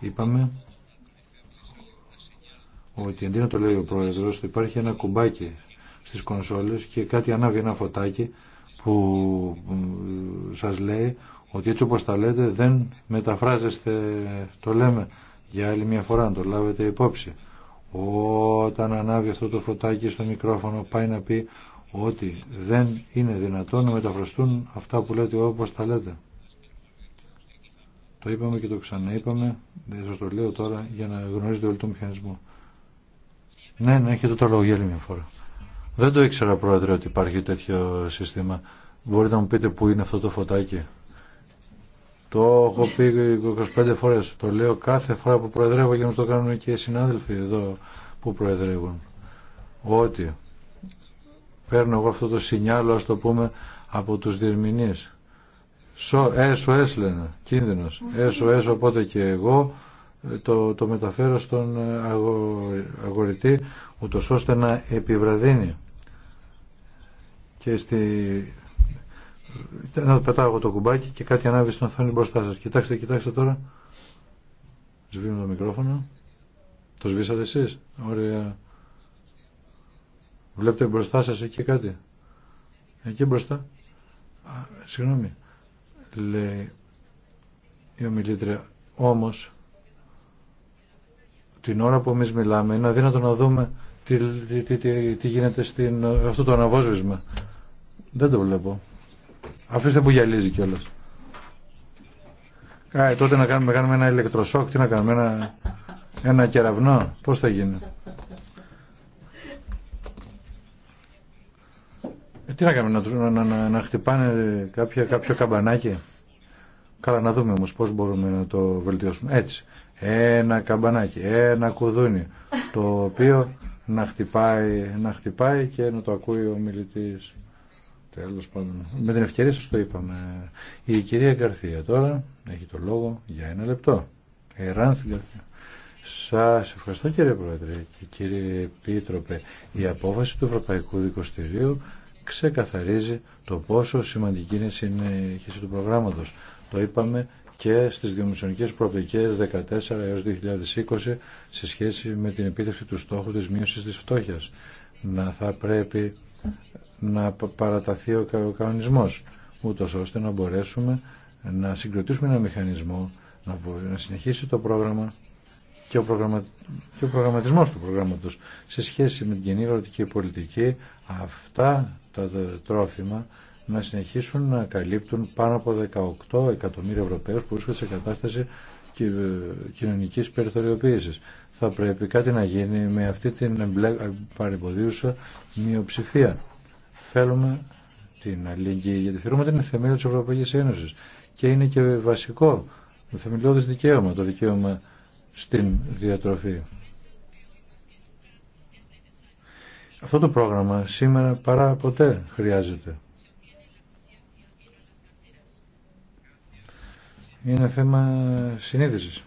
S1: Είπαμε ότι αντί να το λέει ο πρόεδρος υπάρχει ένα κουμπάκι στις κονσόλες και κάτι ανάβει ένα φωτάκι που σας λέει ότι έτσι όπως τα λέτε δεν μεταφράζεστε, το λέμε για άλλη μια φορά να το λάβετε υπόψη. Όταν ανάβει αυτό το φωτάκι στο μικρόφωνο πάει να πει ότι δεν είναι δυνατόν να μεταφραστούν αυτά που λέτε όπως τα λέτε. Το είπαμε και το ξαναείπαμε, δεν σας το λέω τώρα για να γνωρίζετε όλο τον μηχανισμό. Ναι, ναι, έχετε το λόγο για άλλη μια φορά. Δεν το ήξερα πρόεδρε ότι υπάρχει τέτοιο σύστημα. Μπορείτε να μου πείτε πού είναι αυτό το φωτάκι. Το έχω πει 25 φορές. Το λέω κάθε φορά που προεδρεύω για να το κάνουν και οι συνάδελφοι εδώ που προεδρεύουν. Ότι παίρνω εγώ αυτό το σινιάλο, ας το πούμε, από τους διερμηνείς. Σο, SOS λένε, κίνδυνος. SOS, οπότε και εγώ ε, το, το μεταφέρω στον ε, αγο, αγορητή, ούτως ώστε να επιβραδύνει και στη να πετάω εγώ το κουμπάκι και κάτι ανάβει στον οθόνη μπροστά σας. Κοιτάξτε, κοιτάξτε τώρα. Σβήνω το μικρόφωνο. Το σβήσατε εσείς. Ωραία. Βλέπετε μπροστά σας εκεί κάτι. Εκεί μπροστά. Α, συγγνώμη. Λέει η ομιλήτρια. Όμως, την ώρα που εμείς μιλάμε, είναι αδύνατο να δούμε τι, τι, τι, γίνεται στην, αυτό το αναβόσβησμα. Δεν το βλέπω. Αφήστε που γυαλίζει κιόλα. Ε, τότε να κάνουμε, κάνουμε ένα ηλεκτροσόκ, τι να κάνουμε, ένα, ένα κεραυνό, πώς θα γίνει. Ε, τι να κάνουμε, να, να, να, να χτυπάνε κάποια, κάποιο καμπανάκι. Καλά να δούμε όμως πώς μπορούμε να το βελτιώσουμε. Έτσι, ένα καμπανάκι, ένα κουδούνι, το οποίο να χτυπάει, να χτυπάει και να το ακούει ο μιλητής. Τέλος πάντων, με την ευκαιρία σας το είπαμε. Η κυρία Γκαρθία τώρα έχει το λόγο για ένα λεπτό. Εράνθη Γκαρθία. Σας ευχαριστώ κύριε Πρόεδρε και κύριε Επίτροπε. Η απόφαση του Ευρωπαϊκού Δικοστηρίου ξεκαθαρίζει το πόσο σημαντική είναι η συνέχιση του προγράμματος. Το είπαμε και στις δημοσιονομικές προοπτικές 14 έως 2020 σε σχέση με την επίτευξη του στόχου της μείωσης της φτώχειας. Να θα πρέπει να παραταθεί ο κανονισμός, ούτως ώστε να μπορέσουμε να συγκροτήσουμε ένα μηχανισμό, να συνεχίσει το πρόγραμμα και ο, προγραμμα... προγραμματισμός του προγράμματος σε σχέση με την κοινή πολιτική αυτά τα τρόφιμα να συνεχίσουν να καλύπτουν πάνω από 18 εκατομμύρια Ευρωπαίους που βρίσκονται σε κατάσταση ε, κοινωνικής περιθωριοποίησης. Θα πρέπει κάτι να γίνει με αυτή την παρεμποδίουσα μειοψηφία θέλουμε την αλληλεγγύη, γιατί θεωρούμε ότι είναι θεμέλιο της Ευρωπαϊκής Ένωσης και είναι και βασικό το θεμελιώδες δικαίωμα, το δικαίωμα στην διατροφή. Αυτό το πρόγραμμα σήμερα παρά ποτέ χρειάζεται. Είναι θέμα συνείδησης,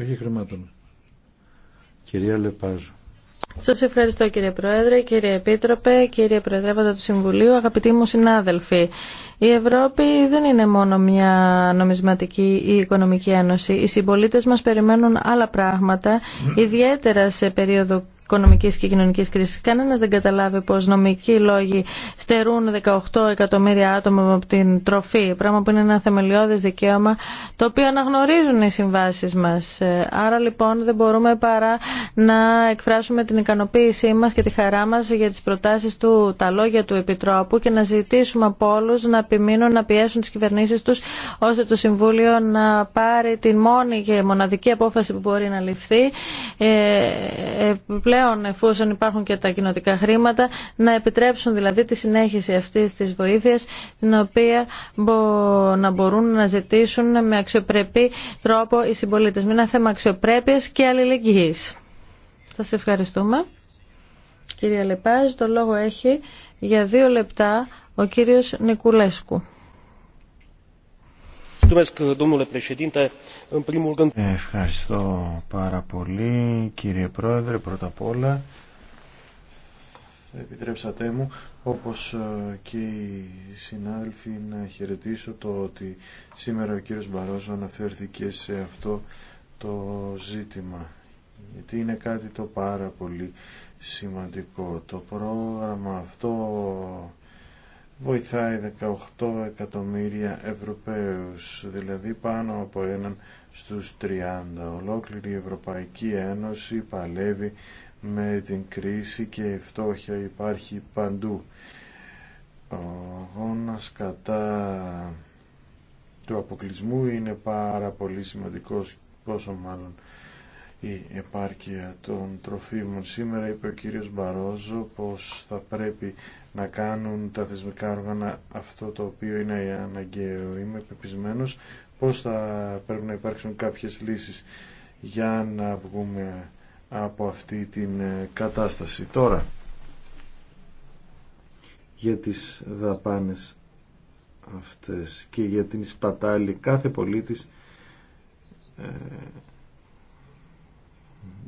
S1: όχι χρημάτων. Κυρία Λεπάζου.
S3: Σας ευχαριστώ κύριε Πρόεδρε, κύριε Επίτροπε, κύριε Προεδρεύοντα του Συμβουλίου, αγαπητοί μου συνάδελφοι. Η Ευρώπη δεν είναι μόνο μια νομισματική ή οικονομική ένωση. Οι συμπολίτε μας περιμένουν άλλα πράγματα, ιδιαίτερα σε περίοδο οικονομική και κοινωνική κρίση. Κανένα δεν καταλάβει πω νομικοί λόγοι στερούν 18 εκατομμύρια άτομα από την τροφή. Πράγμα που είναι ένα θεμελιώδε δικαίωμα το οποίο αναγνωρίζουν οι συμβάσει μα. Άρα λοιπόν δεν μπορούμε παρά να εκφράσουμε την ικανοποίησή μα και τη χαρά μα για τι προτάσει του, τα λόγια του Επιτρόπου και να ζητήσουμε από όλου να επιμείνουν να πιέσουν τι κυβερνήσει του ώστε το Συμβούλιο να πάρει την μόνη και μοναδική απόφαση που μπορεί να ληφθεί ε, ε, εφόσον υπάρχουν και τα κοινοτικά χρήματα να επιτρέψουν δηλαδή τη συνέχιση αυτής της βοήθειας την οποία να μπορούν να ζητήσουν με αξιοπρεπή τρόπο οι συμπολίτες. Με ένα θέμα αξιοπρέπειας και αλληλεγγύης. Σας ευχαριστούμε. Κυρία Λεπάζ, το λόγο έχει για δύο λεπτά ο κύριος Νικουλέσκου.
S2: Ευχαριστώ πάρα πολύ κύριε Πρόεδρε πρώτα απ' όλα επιτρέψατε μου όπως ε, και οι συνάδελφοι να χαιρετήσω το ότι σήμερα ο κύριος Μπαρόζο αναφέρθηκε σε αυτό το ζήτημα γιατί είναι κάτι το πάρα πολύ σημαντικό το πρόγραμμα αυτό βοηθάει 18 εκατομμύρια Ευρωπαίους, δηλαδή πάνω από έναν στους 30. Ολόκληρη η Ευρωπαϊκή Ένωση παλεύει με την κρίση και η φτώχεια υπάρχει παντού. Ο αγώνας κατά του αποκλεισμού είναι πάρα πολύ σημαντικός, πόσο μάλλον η επάρκεια των τροφίμων. Σήμερα είπε ο κύριος Μπαρόζο πως θα πρέπει να κάνουν τα θεσμικά όργανα αυτό το οποίο είναι αναγκαίο. Είμαι πεπισμένος πως θα πρέπει να υπάρξουν κάποιες λύσεις για να βγούμε από αυτή την ε, κατάσταση. Τώρα, για τις δαπάνες αυτές και για την σπατάλη κάθε πολίτης ε,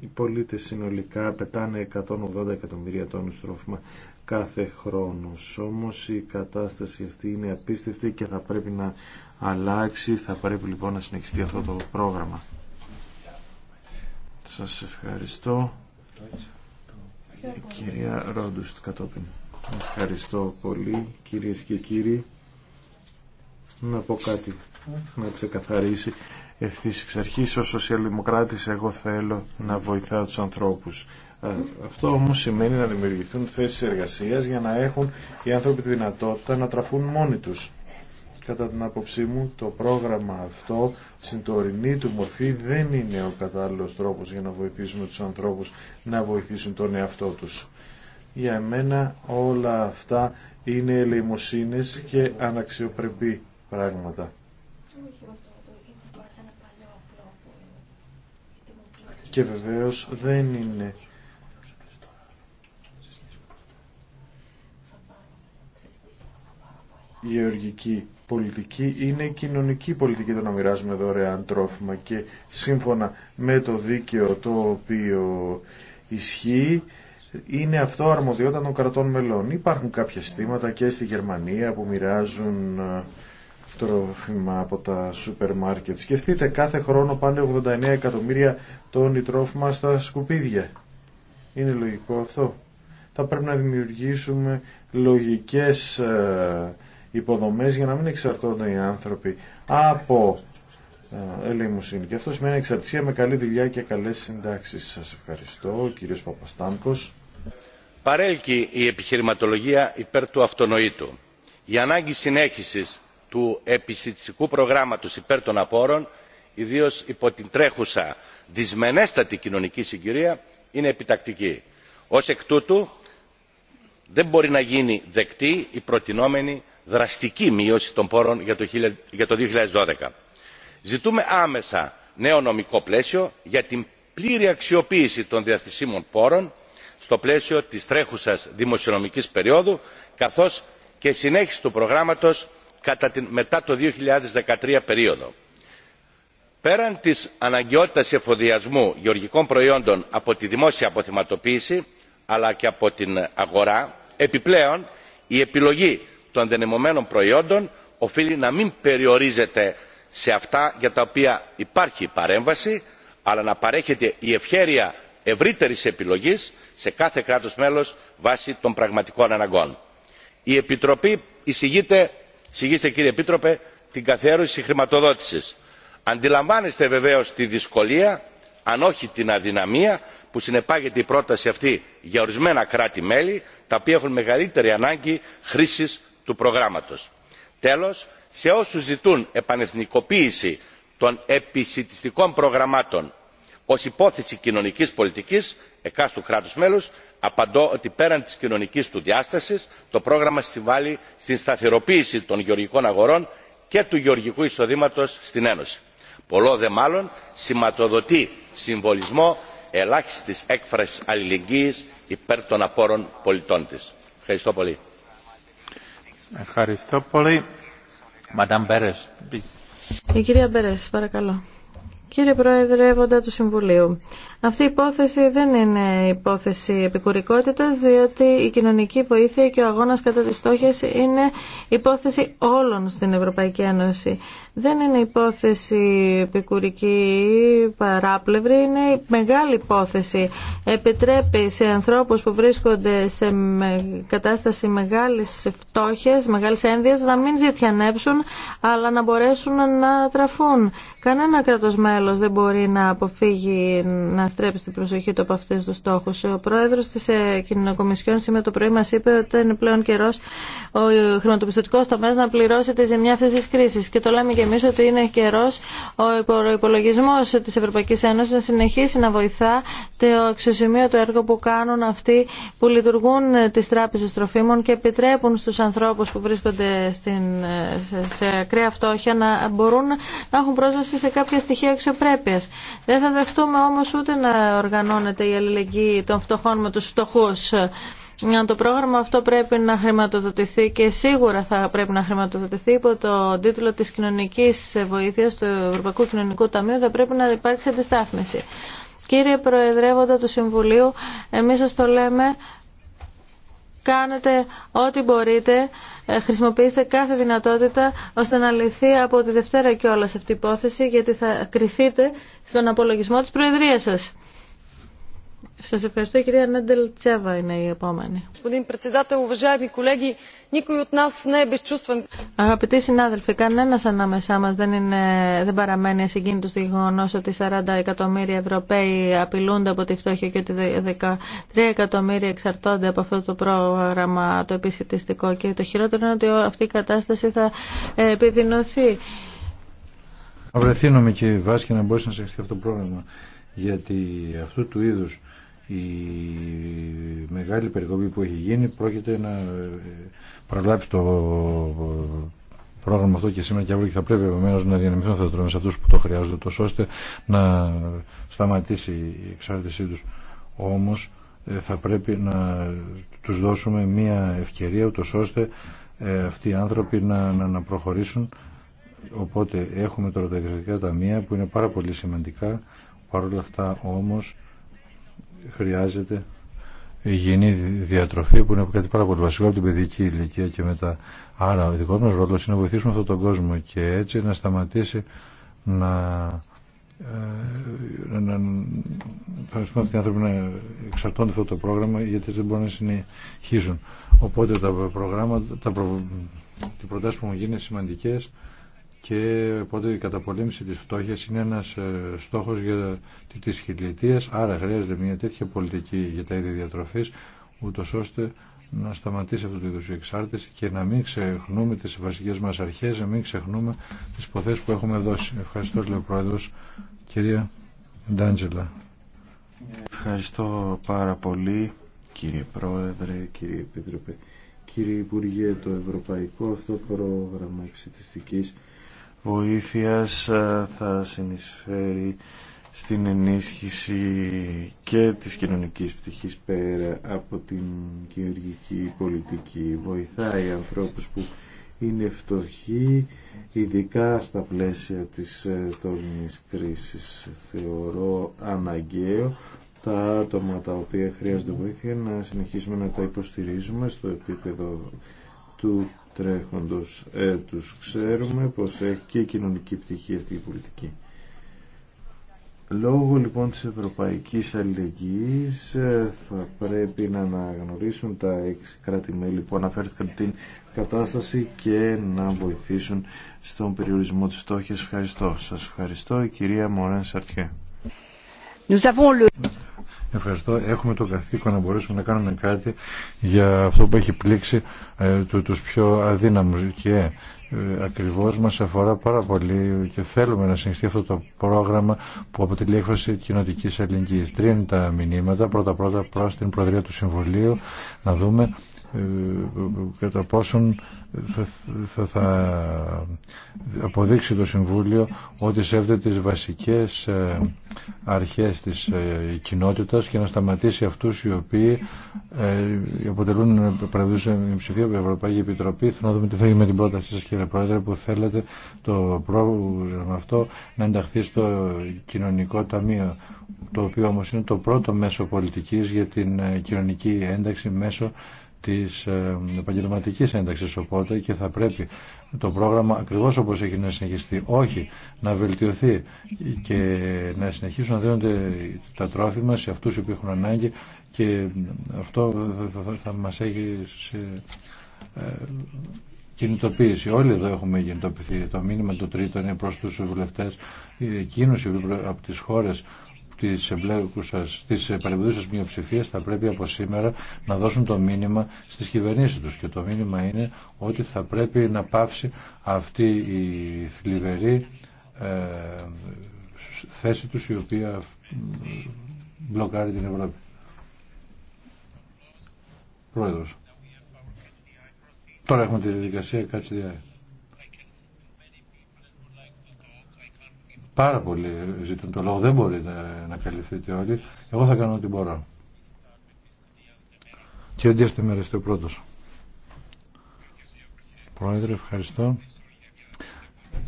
S2: οι πολίτες συνολικά πετάνε 180 εκατομμύρια τόνους τρόφιμα κάθε χρόνος. Όμως η κατάσταση αυτή είναι απίστευτη και θα πρέπει να αλλάξει. Θα πρέπει λοιπόν να συνεχιστεί αυτό το πρόγραμμα. Σας ευχαριστώ. Κυρία Ρόντουστ κατόπιν. Ευχαριστώ πολύ κυρίες και κύριοι. Να πω κάτι, να ξεκαθαρίσει ευθύς εξ αρχής. Ως σοσιαλδημοκράτης εγώ θέλω να βοηθάω τους ανθρώπους ε, αυτό όμως σημαίνει να δημιουργηθούν θέσει εργασία για να έχουν οι άνθρωποι τη δυνατότητα να τραφούν μόνοι του. Κατά την άποψή μου, το πρόγραμμα αυτό, στην τωρινή του μορφή, δεν είναι ο κατάλληλος τρόπος για να βοηθήσουμε τους ανθρώπους να βοηθήσουν τον εαυτό τους. Για μένα όλα αυτά είναι ελεημοσύνες και αναξιοπρεπή πράγματα. Και βεβαίως δεν είναι γεωργική πολιτική είναι κοινωνική πολιτική το να μοιράζουμε δωρεάν τρόφιμα και σύμφωνα με το δίκαιο το οποίο ισχύει είναι αυτό αρμοδιότητα των κρατών μελών. Υπάρχουν κάποια στήματα και στη Γερμανία που μοιράζουν ε, τρόφιμα από τα σούπερ μάρκετ. Σκεφτείτε, κάθε χρόνο πάνε 89 εκατομμύρια τόνοι τρόφιμα στα σκουπίδια. Είναι λογικό αυτό. Θα πρέπει να δημιουργήσουμε λογικές ε, υποδομές για να μην εξαρτώνται οι άνθρωποι από ε, ελεημοσύνη. Και αυτό σημαίνει εξαρτησία με καλή δουλειά και καλές συντάξεις. Σας ευχαριστώ, κύριος Παπαστάμκος.
S4: Παρέλκει η επιχειρηματολογία υπέρ του αυτονοήτου. Η ανάγκη συνέχισης του επιστητικού προγράμματος υπέρ των απόρων, ιδίως υπό την τρέχουσα δυσμενέστατη κοινωνική συγκυρία, είναι επιτακτική. Ως εκ τούτου, δεν μπορεί να γίνει δεκτή η προτινόμενη δραστική μείωση των πόρων για το 2012. Ζητούμε άμεσα νέο νομικό πλαίσιο για την πλήρη αξιοποίηση των διαθυσίμων πόρων στο πλαίσιο της τρέχουσας δημοσιονομικής περίοδου καθώς και συνέχιση του προγράμματος κατά την μετά το 2013 περίοδο. Πέραν της αναγκαιότητας εφοδιασμού γεωργικών προϊόντων από τη δημόσια αποθυματοποίηση αλλά και από την αγορά, επιπλέον η επιλογή των διανεμωμένων προϊόντων οφείλει να μην περιορίζεται σε αυτά για τα οποία υπάρχει παρέμβαση αλλά να παρέχεται η ευχέρεια ευρύτερης επιλογής σε κάθε κράτος μέλος βάσει των πραγματικών αναγκών. η επιτροπή εισηγείται κύριε επίτροπε την καθιέρωση χρηματοδότησης. αντιλαμβάνεστε βεβαίως τη δυσκολία αν όχι την αδυναμία που συνεπάγεται η πρόταση αυτή για ορισμένα κράτη μέλη τα οποία έχουν μεγαλύτερη ανάγκη χρήση του προγράμματος. τέλος σε όσους ζητούν επανεθνικοποίηση των επισυτιστικών προγραμμάτων ως υπόθεση κοινωνικής πολιτικής εκάστου κράτους μέλους απαντώ ότι πέραν της κοινωνικής του διάστασης το πρόγραμμα συμβάλλει στην σταθεροποίηση των γεωργικών αγορών και του γεωργικού εισοδήματος στην ένωση. πολλό δε μάλλον σηματοδοτεί συμβολισμό ελάχιστης έκφρασης αλληλεγγύης υπέρ των απόρων πολιτών τη. ευχαριστώ πολύ.
S1: Ευχαριστώ πολύ.
S3: Η κυρία Μπερές, παρακαλώ. Κύριε Πρόεδρε, Βόντα του Συμβουλίου, αυτή η υπόθεση δεν είναι υπόθεση επικουρικότητας, διότι η κοινωνική βοήθεια και ο αγώνας κατά τις στόχες είναι υπόθεση όλων στην Ευρωπαϊκή Ένωση. Δεν είναι υπόθεση επικουρική παράπλευρη, είναι μεγάλη υπόθεση. Επιτρέπει σε ανθρώπους που βρίσκονται σε κατάσταση μεγάλης φτώχειας, μεγάλης ένδυας, να μην ζητιανέψουν, αλλά να μπορέσουν να τραφούν. Κανένα δεν μπορεί να αποφύγει να στρέψει την προσοχή του από αυτού τους στόχους. Ο πρόεδρος της ε, Κοινοκομισιόν σήμερα το πρωί μας είπε ότι είναι πλέον καιρός ο χρηματοπιστωτικός τομέας να πληρώσει τη ζημιά αυτής της κρίσης. Και το λέμε και εμείς ότι είναι καιρός ο υπολογισμό της Ευρωπαϊκής Ένωσης να συνεχίσει να βοηθά το του έργο που κάνουν αυτοί που λειτουργούν ε, τις τράπεζες τροφίμων και επιτρέπουν στους ανθρώπους που βρίσκονται στην, ε, σε ακραία φτώχεια να μπορούν να έχουν πρόσβαση σε κάποια στοιχεία δεν θα δεχτούμε όμως ούτε να οργανώνεται η αλληλεγγύη των φτωχών με τους φτωχούς. Το πρόγραμμα αυτό πρέπει να χρηματοδοτηθεί και σίγουρα θα πρέπει να χρηματοδοτηθεί υπό το τίτλο της κοινωνικής βοήθειας του Ευρωπαϊκού Κοινωνικού Ταμείου θα πρέπει να υπάρξει αντιστάθμιση. Κύριε Προεδρεύοντα του Συμβουλίου, εμείς σας το λέμε, κάνετε ό,τι μπορείτε ε, χρησιμοποιήστε κάθε δυνατότητα ώστε να λυθεί από τη Δευτέρα και αυτή η υπόθεση γιατί θα κριθείτε στον απολογισμό της Προεδρίας σας. Σας ευχαριστώ κυρία Νέντελ Τσέβα είναι η επόμενη. Αγαπητοί συνάδελφοι, κανένας ανάμεσά μας δεν, παραμένει ασυγκίνητος στο γεγονό ότι 40 εκατομμύρια Ευρωπαίοι απειλούνται από τη φτώχεια και ότι 13 εκατομμύρια εξαρτώνται από αυτό το πρόγραμμα το επισητιστικό και το χειρότερο είναι ότι αυτή η κατάσταση θα ε, επιδεινωθεί.
S1: Θα και να μπορέσει να σεχθεί αυτό το πρόγραμμα γιατί αυτού του είδους η μεγάλη περικοπή που έχει γίνει πρόκειται να ε, προλάβει το πρόγραμμα αυτό και σήμερα και αύριο και θα πρέπει επομένω να διανεμηθούν θα τα σε αυτού που το χρειάζονται, τόσο ώστε να σταματήσει η εξάρτησή τους. Όμως ε, θα πρέπει να τους δώσουμε μια ευκαιρία, ούτως ώστε ε, αυτοί οι άνθρωποι να, να, προχωρήσουν. Οπότε έχουμε τώρα τα ιδιωτικά ταμεία που είναι πάρα πολύ σημαντικά. παρόλα αυτά όμως χρειάζεται υγιεινή διατροφή που είναι κάτι πάρα πολύ βασικό από την παιδική ηλικία και μετά. Άρα ο δικό μας ρόλο είναι να βοηθήσουμε αυτόν τον κόσμο και έτσι να σταματήσει να ε, να να, οι άνθρωποι να εξαρτώνται αυτό το πρόγραμμα γιατί δεν μπορούν να συνεχίζουν. Οπότε τα προγράμματα, τα προ... οι προτάσεις που μου γίνει σημαντικές και οπότε η καταπολέμηση της φτώχειας είναι ένας ε, στόχος για τις χιλιετίας άρα χρειάζεται μια τέτοια πολιτική για τα ίδια διατροφής ούτως ώστε να σταματήσει αυτό το είδος εξάρτηση και να μην ξεχνούμε τις βασικές μας αρχές, να μην ξεχνούμε τις υποθέσεις που έχουμε δώσει. Ευχαριστώ, λέει ο Πρόεδρος, κυρία Ντάντζελα.
S2: Ευχαριστώ πάρα πολύ, κύριε Πρόεδρε, κύριε Επίτροπε, κύριε Υπουργέ, το Ευρωπαϊκό αυτό πρόγραμμα εξητιστικής βοήθειας ε, θα συνεισφέρει στην ενίσχυση και της κοινωνικής πτυχής πέρα από την κυριαρχική πολιτική. Βοηθάει ανθρώπους που είναι φτωχοί, ειδικά στα πλαίσια της ε, τόλμης κρίσης. Θεωρώ αναγκαίο τα άτομα τα οποία χρειάζονται βοήθεια να συνεχίσουμε να τα υποστηρίζουμε στο επίπεδο του τρέχοντος έτους. Ξέρουμε πως έχει και κοινωνική πτυχή αυτή η πολιτική. Λόγω λοιπόν της ευρωπαϊκής αλληλεγγύης ε, θα πρέπει να αναγνωρίσουν τα έξι κράτη-μέλη που αναφέρθηκαν την κατάσταση και να βοηθήσουν στον περιορισμό της φτώχειας. Ευχαριστώ. Σας ευχαριστώ η κυρία Μωρέν Σαρτιέ. Ευχαριστώ. Έχουμε το καθήκον να μπορέσουμε να κάνουμε κάτι για αυτό
S1: που έχει πλήξει ε, του, τους πιο αδύναμους και ε, ακριβώς μας αφορά πάρα πολύ και θέλουμε να συνεχιστεί αυτό το πρόγραμμα που αποτελεί έκφραση κοινοτικής ελληνικής. Τρία είναι τα μηνύματα. Πρώτα-πρώτα προς την Προεδρία του Συμβουλίου να δούμε ε, κατά πόσον θα, θα, θα, αποδείξει το Συμβούλιο ότι σέβεται τις βασικές ε, αρχές της ε, κοινότητας και να σταματήσει αυτούς οι οποίοι αποτελούν παραδείγματος ψηφία από την Ευρωπαϊκή Επιτροπή. Θέλω να δούμε τι θα γίνει με την πρότασή σας κύριε Πρόεδρε που θέλετε το πρόγραμμα αυτό να ενταχθεί στο κοινωνικό ταμείο το οποίο όμως είναι το πρώτο μέσο πολιτικής για την κοινωνική ένταξη μέσω της ε, επαγγελματική ένταξης οπότε και θα πρέπει το πρόγραμμα ακριβώς όπως έχει να συνεχιστεί όχι να βελτιωθεί και να συνεχίσουν να δίνονται τα τρόφιμα σε αυτούς που έχουν ανάγκη και αυτό θα μας έχει σε ε, κινητοποίηση. Όλοι εδώ έχουμε κινητοποιηθεί. Το μήνυμα το τρίτο είναι προς τους βουλευτές ε, εκείνους από τις χώρες της εμπλέκουσας, της παρεμπιδούσας μειοψηφίας θα πρέπει από σήμερα να δώσουν το μήνυμα στις κυβερνήσεις τους και το μήνυμα είναι ότι θα πρέπει να πάψει αυτή η θλιβερή ε, θέση τους η οποία μπλοκάρει την Ευρώπη. Πρόεδρος. Τώρα έχουμε τη διαδικασία κάτσε Πάρα πολλοί ζητούν το λόγο. Δεν μπορείτε να καλυφθείτε όλοι. Εγώ θα κάνω ό,τι μπορώ. Και αντίστοιχα με ο πρώτος. Πρόεδρε, ευχαριστώ.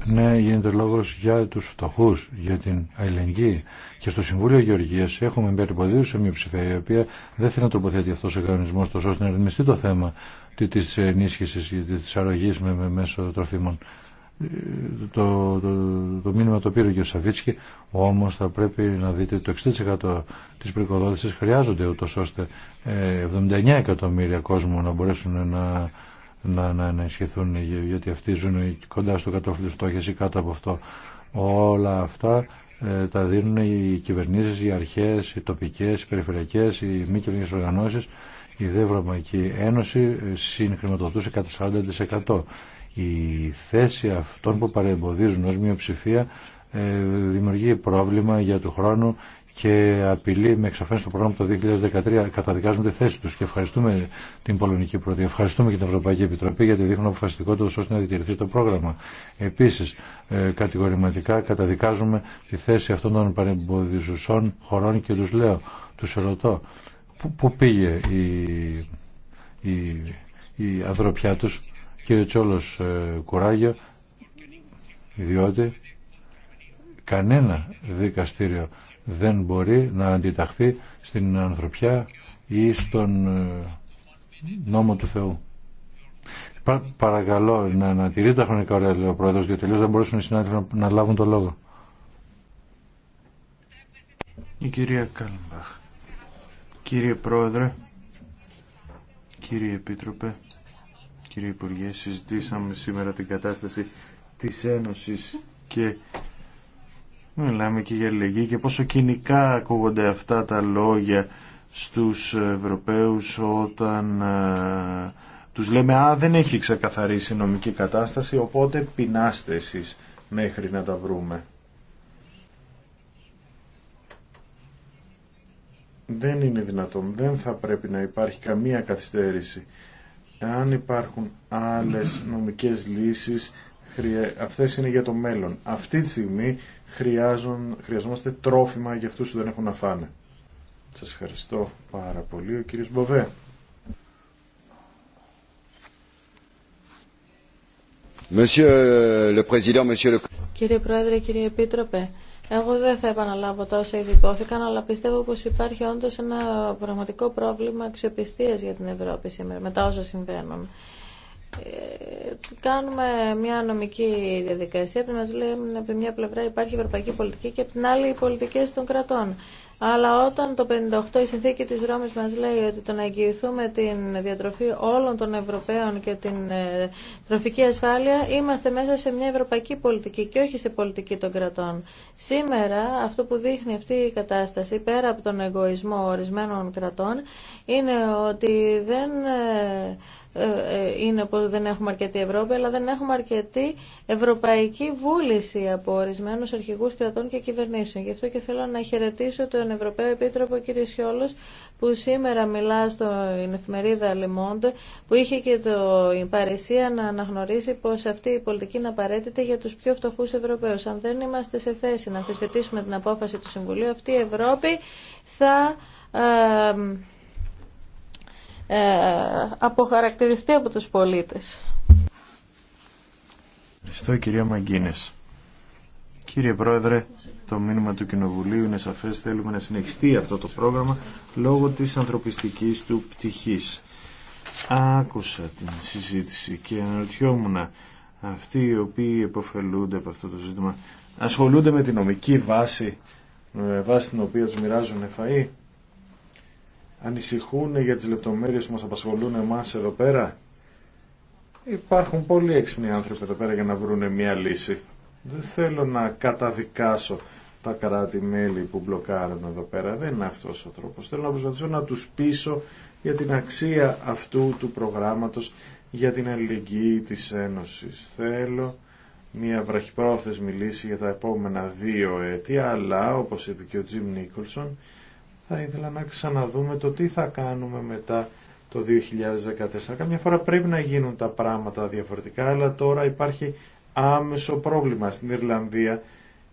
S1: Ναι, γίνεται λόγο για του φτωχού για την αλληλεγγύη. Και στο Συμβούλιο Γεωργίας έχουμε περιποδίου σε μια ψηφία η οποία δεν θέλει να τοποθετεί αυτό ο κανονισμός τόσο ώστε να ρυθμιστεί το θέμα ενίσχυση ενίσχυσης της αρρωγής με, μέσω τροφίμων το, το, το μήνυμα το πήρε ο κ. Σαβίτσκι, όμως θα πρέπει να δείτε το 60% της πρικοδότησης χρειάζονται ούτως ώστε 79 ε, εκατομμύρια κόσμο να μπορέσουν να, να, να, να γιατί αυτοί ζουν κοντά στο κατόφλι φτώχειας ή κάτω από αυτό. Όλα αυτά ε, τα δίνουν οι κυβερνήσεις, οι αρχές, οι τοπικές, οι περιφερειακές, οι μη κυβερνήσεις οργανώσεις. Η δευρωμαϊκή Ένωση ε, συγχρηματοδοτούσε κατά 40%. Η θέση αυτών που παρεμποδίζουν ως μειοψηφία ε, δημιουργεί πρόβλημα για του χρόνου και απειλεί με εξαφάνιση το πρόγραμμα το 2013 καταδικάζουν τη θέση τους Και ευχαριστούμε την Πολωνική Πρωτεία, ευχαριστούμε και την Ευρωπαϊκή Επιτροπή γιατί δείχνουν αποφασιστικότητα ώστε να διτηρηθεί το πρόγραμμα. Επίση, ε, κατηγορηματικά καταδικάζουμε τη θέση αυτών των παρεμποδιζουσών χωρών και του λέω, του ρωτώ, πού πήγε η, η, η ανθρωπιά τους Κύριε Τσόλος, ε, κουράγιο, διότι κανένα δικαστήριο δεν μπορεί να αντιταχθεί στην ανθρωπιά ή στον ε, νόμο του Θεού. παρακαλώ να, ανατηρεί τα χρονικά ωραία, λέει ο Πρόεδρος, γιατί τελείω δεν μπορούσαν οι συνάδελφοι να, να λάβουν το λόγο.
S2: Η κυρία Κάλμπαχ. Κύριε Πρόεδρε, κύριε Επίτροπε, Κύριε Υπουργέ, συζητήσαμε σήμερα την κατάσταση της Ένωσης και μιλάμε και για αλληλεγγύη και πόσο κοινικά ακούγονται αυτά τα λόγια στους Ευρωπαίους όταν ε, τους λέμε «Α, δεν έχει ξεκαθαρίσει η νομική κατάσταση, οπότε πεινάστε εσείς μέχρι να τα βρούμε». Δεν είναι δυνατόν, δεν θα πρέπει να υπάρχει καμία καθυστέρηση αν υπάρχουν άλλες νομικές λύσεις, αυτές είναι για το μέλλον. Αυτή τη στιγμή χρειάζον, χρειαζόμαστε τρόφιμα για αυτούς που δεν έχουν να φάνε. Σας ευχαριστώ πάρα πολύ. Ο κύριος Μποβέ.
S4: Euh,
S3: κύριε Πρόεδρε, κύριε Επίτροπε, εγώ δεν θα επαναλάβω τόσα ήδη υπόθηκαν, αλλά πιστεύω πως υπάρχει όντως ένα πραγματικό πρόβλημα αξιοπιστία για την Ευρώπη σήμερα, μετά όσα συμβαίνουν. Ε, κάνουμε μια νομική διαδικασία που μας λέει από μια πλευρά υπάρχει ευρωπαϊκή πολιτική και από την άλλη οι πολιτικές των κρατών. Αλλά όταν το 58 η συνθήκη της Ρώμης μας λέει ότι το να εγγυηθούμε την διατροφή όλων των Ευρωπαίων και την ε, τροφική ασφάλεια, είμαστε μέσα σε μια ευρωπαϊκή πολιτική και όχι σε πολιτική των κρατών. Σήμερα αυτό που δείχνει αυτή η κατάσταση, πέρα από τον εγωισμό ορισμένων κρατών, είναι ότι δεν ε, ε, ε, είναι πως δεν έχουμε αρκετή Ευρώπη, αλλά δεν έχουμε αρκετή ευρωπαϊκή βούληση από ορισμένου αρχηγού κρατών και κυβερνήσεων. Γι' αυτό και θέλω να χαιρετήσω τον Ευρωπαίο Επίτροπο κ. Σιόλο, που σήμερα μιλά στην εφημερίδα Le που είχε και το, η παρεσία να αναγνωρίσει πω αυτή η πολιτική είναι απαραίτητη για του πιο φτωχού Ευρωπαίου. Αν δεν είμαστε σε θέση να αμφισβητήσουμε την απόφαση του Συμβουλίου, αυτή η Ευρώπη θα. Ε, ε, αποχαρακτηριστεί από τους πολίτες.
S2: Ευχαριστώ κυρία Μαγκίνες. Κύριε Πρόεδρε, το μήνυμα του Κοινοβουλίου είναι σαφές, θέλουμε να συνεχιστεί αυτό το πρόγραμμα λόγω της ανθρωπιστικής του πτυχής. Άκουσα την συζήτηση και αναρωτιόμουν αυτοί οι οποίοι επωφελούνται από αυτό το ζήτημα ασχολούνται με τη νομική βάση, βάση την οποία τους μοιράζουν φαΐ ανησυχούν για τις λεπτομέρειες που μας απασχολούν εμάς εδώ πέρα. Υπάρχουν πολλοί έξυπνοι άνθρωποι εδώ πέρα για να βρουν μια λύση. Δεν θέλω να καταδικάσω τα κράτη-μέλη που μπλοκάρουν εδώ πέρα. Δεν είναι αυτός ο τρόπος. Θέλω να προσπαθήσω να τους πείσω για την αξία αυτού του προγράμματος για την αλληλεγγύη της Ένωσης. Θέλω μια βραχυπρόθεσμη λύση για τα επόμενα δύο έτη, αλλά όπως είπε και ο Τζιμ Νίκολσον, θα ήθελα να ξαναδούμε το τι θα κάνουμε μετά το 2014. Καμιά φορά πρέπει να γίνουν τα πράγματα διαφορετικά, αλλά τώρα υπάρχει άμεσο πρόβλημα στην Ιρλανδία.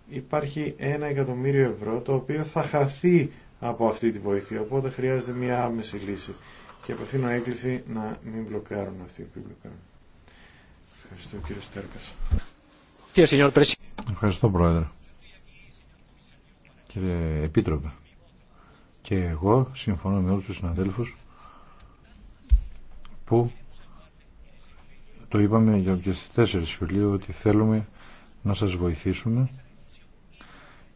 S2: Υπάρχει ένα εκατομμύριο ευρώ το οποίο θα χαθεί από αυτή τη βοήθεια, οπότε χρειάζεται μια άμεση λύση. Και απευθύνω έκκληση να μην μπλοκάρουν αυτοί που μπλοκάρουν. Ευχαριστώ κύριο Στέρκας.
S1: Ευχαριστώ πρόεδρε. Κύριε Επίτροπε. Και εγώ συμφωνώ με όλους τους συναδέλφους που το είπαμε και στις 4 Ιουλίου ότι θέλουμε να σας βοηθήσουμε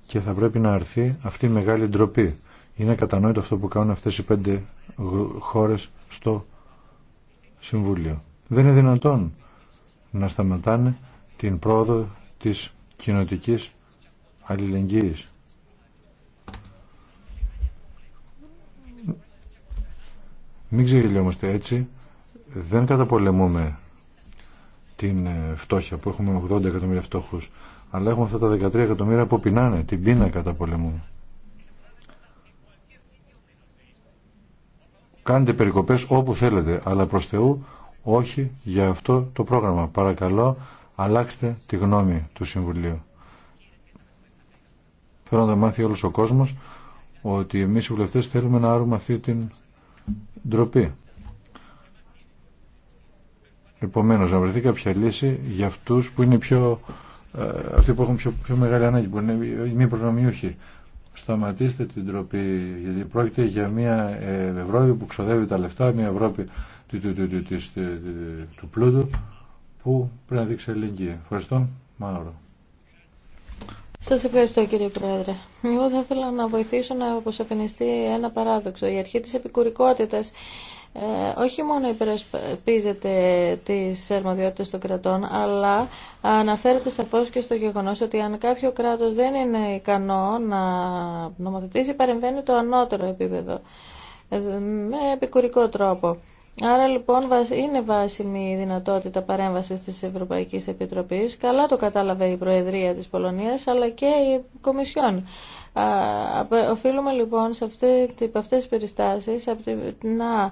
S1: και θα πρέπει να αρθεί αυτή η μεγάλη ντροπή. Είναι κατανόητο αυτό που κάνουν αυτές οι πέντε χώρες στο Συμβούλιο. Δεν είναι δυνατόν να σταματάνε την πρόοδο της κοινοτικής αλληλεγγύης. Μην ξεγελιόμαστε έτσι. Δεν καταπολεμούμε την ε, φτώχεια που έχουμε 80 εκατομμύρια φτώχους αλλά έχουμε αυτά τα 13 εκατομμύρια που πεινάνε, την πείνα καταπολεμούμε. Κάντε περικοπές όπου θέλετε, αλλά προς Θεού όχι για αυτό το πρόγραμμα. Παρακαλώ, αλλάξτε τη γνώμη του Συμβουλίου. Θέλω να μάθει όλος ο κόσμος ότι εμείς οι βουλευτές θέλουμε να άρουμε αυτή την ντροπή. Επομένως, να βρεθεί κάποια λύση για αυτούς που είναι πιο, ε, αυτοί που έχουν πιο, πιο μεγάλη ανάγκη, που είναι μη προνομιούχοι. Σταματήστε την ντροπή, γιατί πρόκειται για μια ε, Ευρώπη που ξοδεύει τα λεφτά, μια Ευρώπη του, του, του πλούτου, που πρέπει να δείξει ελληνική. Ευχαριστώ. Μαύρο.
S3: Σας ευχαριστώ κύριε Πρόεδρε. Εγώ θα ήθελα να βοηθήσω να αποσαφινιστεί ένα παράδοξο. Η αρχή της επικουρικότητας ε, όχι μόνο υπερασπίζεται τι αρμοδιότητες των κρατών, αλλά αναφέρεται σαφώ και στο γεγονός ότι αν κάποιο κράτος δεν είναι ικανό να νομοθετήσει, παρεμβαίνει το ανώτερο επίπεδο ε, με επικουρικό τρόπο. Άρα λοιπόν είναι βάσιμη η δυνατότητα παρέμβασης της Ευρωπαϊκής Επιτροπής. Καλά το κατάλαβε η Προεδρία της Πολωνίας αλλά και η Κομισιόν. Οφείλουμε λοιπόν σε αυτέ αυτές τις περιστάσεις να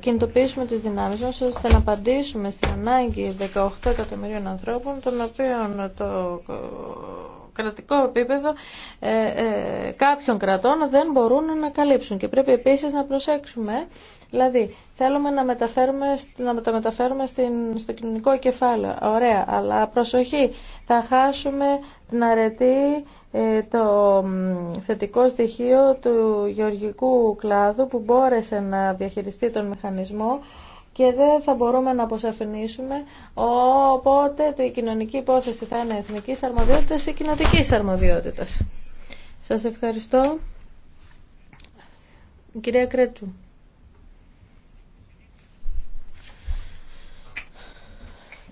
S3: κινητοποιήσουμε τις δυνάμεις μας ώστε να απαντήσουμε στην ανάγκη 18 εκατομμυρίων ανθρώπων των οποίων το κρατικό επίπεδο ε, ε, κάποιων κρατών δεν μπορούν να καλύψουν. Και πρέπει επίσης να προσέξουμε, δηλαδή Θέλουμε να, μεταφέρουμε, να μεταφέρουμε στην, στο κοινωνικό κεφάλαιο. Ωραία, αλλά προσοχή, θα χάσουμε την αρετή ε, το θετικό στοιχείο του γεωργικού κλάδου που μπόρεσε να διαχειριστεί τον μηχανισμό και δεν θα μπορούμε να αποσαφηνίσουμε οπότε η κοινωνική υπόθεση θα είναι εθνική αρμοδιότητας ή κοινοτικής αρμοδιότητας. Σας ευχαριστώ. Κυρία Κρέτσου.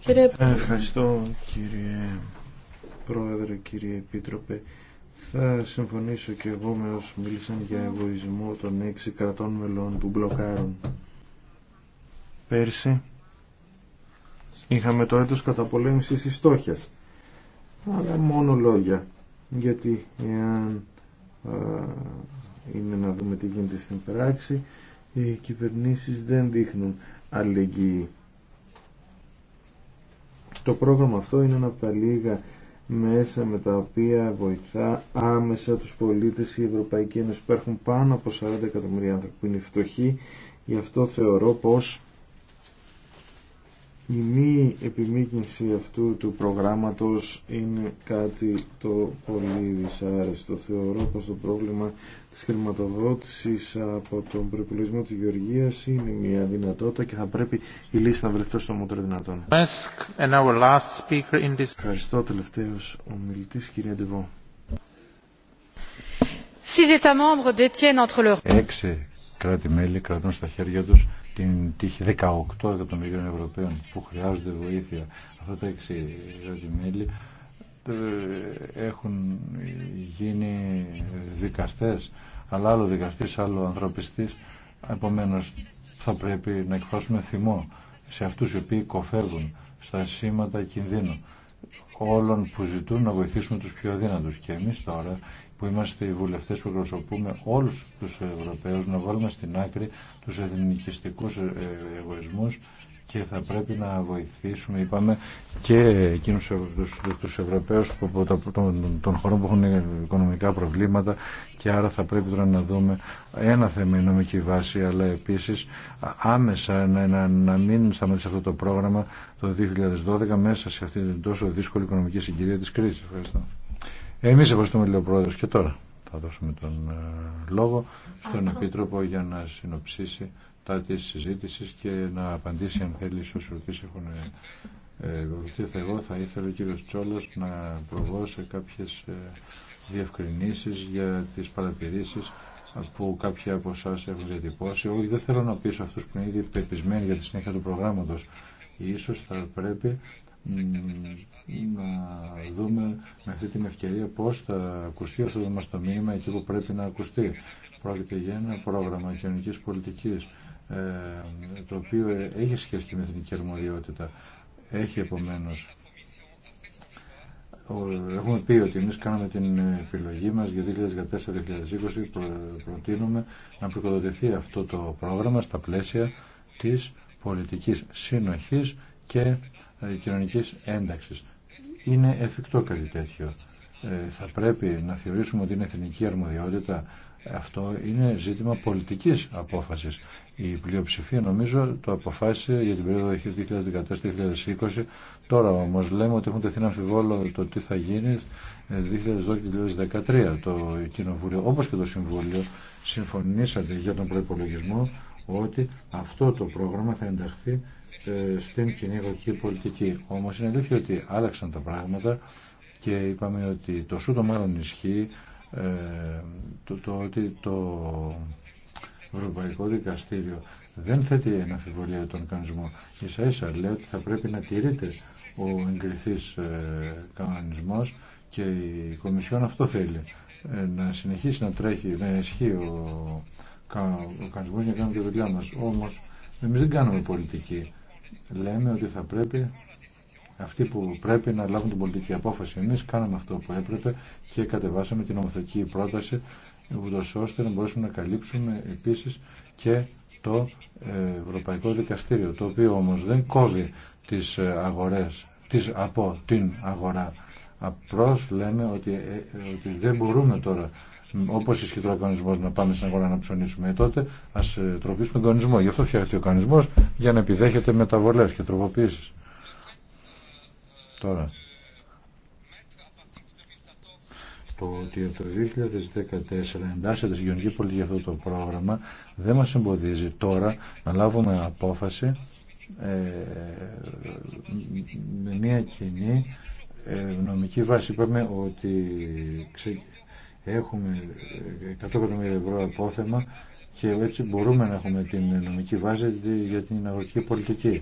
S3: Ε,
S2: ευχαριστώ κύριε Πρόεδρε, κύριε Επίτροπε. Θα συμφωνήσω και εγώ με όσου μίλησαν για εγωισμό των έξι κρατών μελών που μπλοκάρουν. Πέρσι είχαμε το έτος καταπολέμησης της στόχιας. Αλλά μόνο λόγια. Γιατί εάν είναι να δούμε τι γίνεται στην πράξη, οι κυβερνήσεις δεν δείχνουν αλληλεγγύη. Το πρόγραμμα αυτό είναι ένα από τα λίγα μέσα με τα οποία βοηθά άμεσα τους πολίτες η Ευρωπαϊκή Ένωση. Υπάρχουν πάνω από 40 εκατομμύρια άνθρωποι που είναι φτωχοί, γι' αυτό θεωρώ πως η μη επιμήκυνση αυτού του προγράμματος είναι κάτι το πολύ δυσάρεστο. Θεωρώ πως το πρόβλημα της χρηματοδότησης από τον προπολογισμό της Γεωργίας είναι μια δυνατότητα και θα πρέπει η λύση να βρεθεί στο μότρο δυνατόν. Ευχαριστώ τελευταίος ο μιλητής κυρία Ντεβό.
S1: Έξι κράτη-μέλη κρατούν στα χέρια τους την τύχη 18 εκατομμυρίων Ευρωπαίων που χρειάζονται βοήθεια. Αυτά τα έξι κράτη-μέλη έχουν γίνει δικαστές, αλλά άλλο δικαστής, άλλο ανθρωπιστής. Επομένως θα πρέπει να εκφράσουμε θυμό σε αυτούς οι οποίοι κοφεύουν στα σήματα κινδύνου όλων που ζητούν να βοηθήσουμε τους πιο αδύνατους. Και εμείς τώρα που είμαστε οι βουλευτές που εκπροσωπούμε όλους τους Ευρωπαίους να βάλουμε στην άκρη τους εθνικιστικούς ε, ε, εγωισμούς και θα πρέπει να βοηθήσουμε, είπαμε, και εκείνους τους, Ευρωπαίου Ευρωπαίους των, χωρών που έχουν οικονομικά προβλήματα και άρα θα πρέπει τώρα να δούμε ένα θέμα η νομική βάση, αλλά επίσης άμεσα να, να, να μην σταματήσει αυτό το πρόγραμμα το 2012 μέσα σε αυτή την τόσο δύσκολη οικονομική συγκυρία της κρίσης. Ευχαριστώ. Εμείς ευχαριστούμε, λέει ο Πρόεδρος, και τώρα θα δώσουμε τον ε, λόγο στον Επίτροπο για να συνοψίσει αυτά της συζήτησης και να απαντήσει αν θέλει στους ερωτήσεις έχουν ε, εγώ θα ήθελα ο κύριος Τσόλος να προβώ σε κάποιες ε, διευκρινήσεις για τις παρατηρήσει που κάποιοι από εσά έχουν διατυπώσει. Όχι, δεν θέλω να πείσω αυτούς που είναι ήδη πεπισμένοι για τη συνέχεια του προγράμματος. Ίσως θα πρέπει να δούμε με αυτή την ευκαιρία πώς θα ακουστεί αυτό το μας το μήνυμα εκεί που πρέπει να ακουστεί. Πρόκειται για ένα πρόγραμμα κοινωνική πολιτική. Ε, το οποίο έχει σχέση και με εθνική αρμοδιότητα. Έχει επομένως Έχουμε πει ότι εμεί κάναμε την επιλογή μας για 2014-2020. προτείνουμε να προκοδοτηθεί αυτό το πρόγραμμα στα πλαίσια της πολιτικής συνοχής και ε, κοινωνικής ένταξης. Είναι εφικτό κάτι τέτοιο. Ε, θα πρέπει να θεωρήσουμε ότι είναι εθνική αρμοδιότητα. Αυτό είναι ζήτημα πολιτικής απόφασης η πλειοψηφία νομίζω το αποφάσισε για την περίοδο 2014-2020. Τώρα όμω λέμε ότι έχουν τεθεί να αμφιβόλο το τι θα γίνει 2012-2013 ε, το Κοινοβούλιο όπως και το Συμβούλιο συμφωνήσατε για τον προπολογισμό ότι αυτό το πρόγραμμα θα ενταχθεί ε, στην κοινή πολιτική. Όμως είναι αλήθεια ότι άλλαξαν τα πράγματα και είπαμε ότι το σούτο μάλλον ισχύει ε, το, ότι το Ευρωπαϊκό Δικαστήριο δεν θέτει ένα αφιβολία τον κανονισμό. Ίσα ίσα λέει ότι θα πρέπει να τηρείται ο εγκριθής ε, κανονισμός και η Κομισιόν αυτό θέλει. Ε, να συνεχίσει να τρέχει, να ισχύει ο, ο κανονισμός για να κάνουμε τη δουλειά μας. Όμως εμείς δεν κάνουμε πολιτική. Λέμε ότι θα πρέπει αυτοί που πρέπει να λάβουν την πολιτική απόφαση. Εμείς κάναμε αυτό που έπρεπε και κατεβάσαμε την νομοθετική πρόταση ούτως ώστε να μπορέσουμε να καλύψουμε επίσης και το ε, Ευρωπαϊκό Δικαστήριο, το οποίο όμως δεν κόβει τις ε, αγορές, τις από την αγορά. Απλώ λέμε ότι, ε, ότι δεν μπορούμε τώρα Όπω ισχύει ο κανονισμό να πάμε στην αγορά να ψωνίσουμε, τότε α τροπήσουμε τον κανονισμό. Γι' αυτό φτιάχνει ο κανονισμό για να επιδέχεται μεταβολέ και τροποποιήσει. Τώρα, το ότι από το 2014 εντάσσεται στην κοινωνική πολιτική αυτό το πρόγραμμα δεν μας εμποδίζει τώρα να λάβουμε απόφαση ε, με μια κοινή ε, νομική βάση. Είπαμε ότι έχουμε 100 ε, εκατομμύρια ευρώ απόθεμα και έτσι μπορούμε να έχουμε την νομική βάση για την αγροτική πολιτική.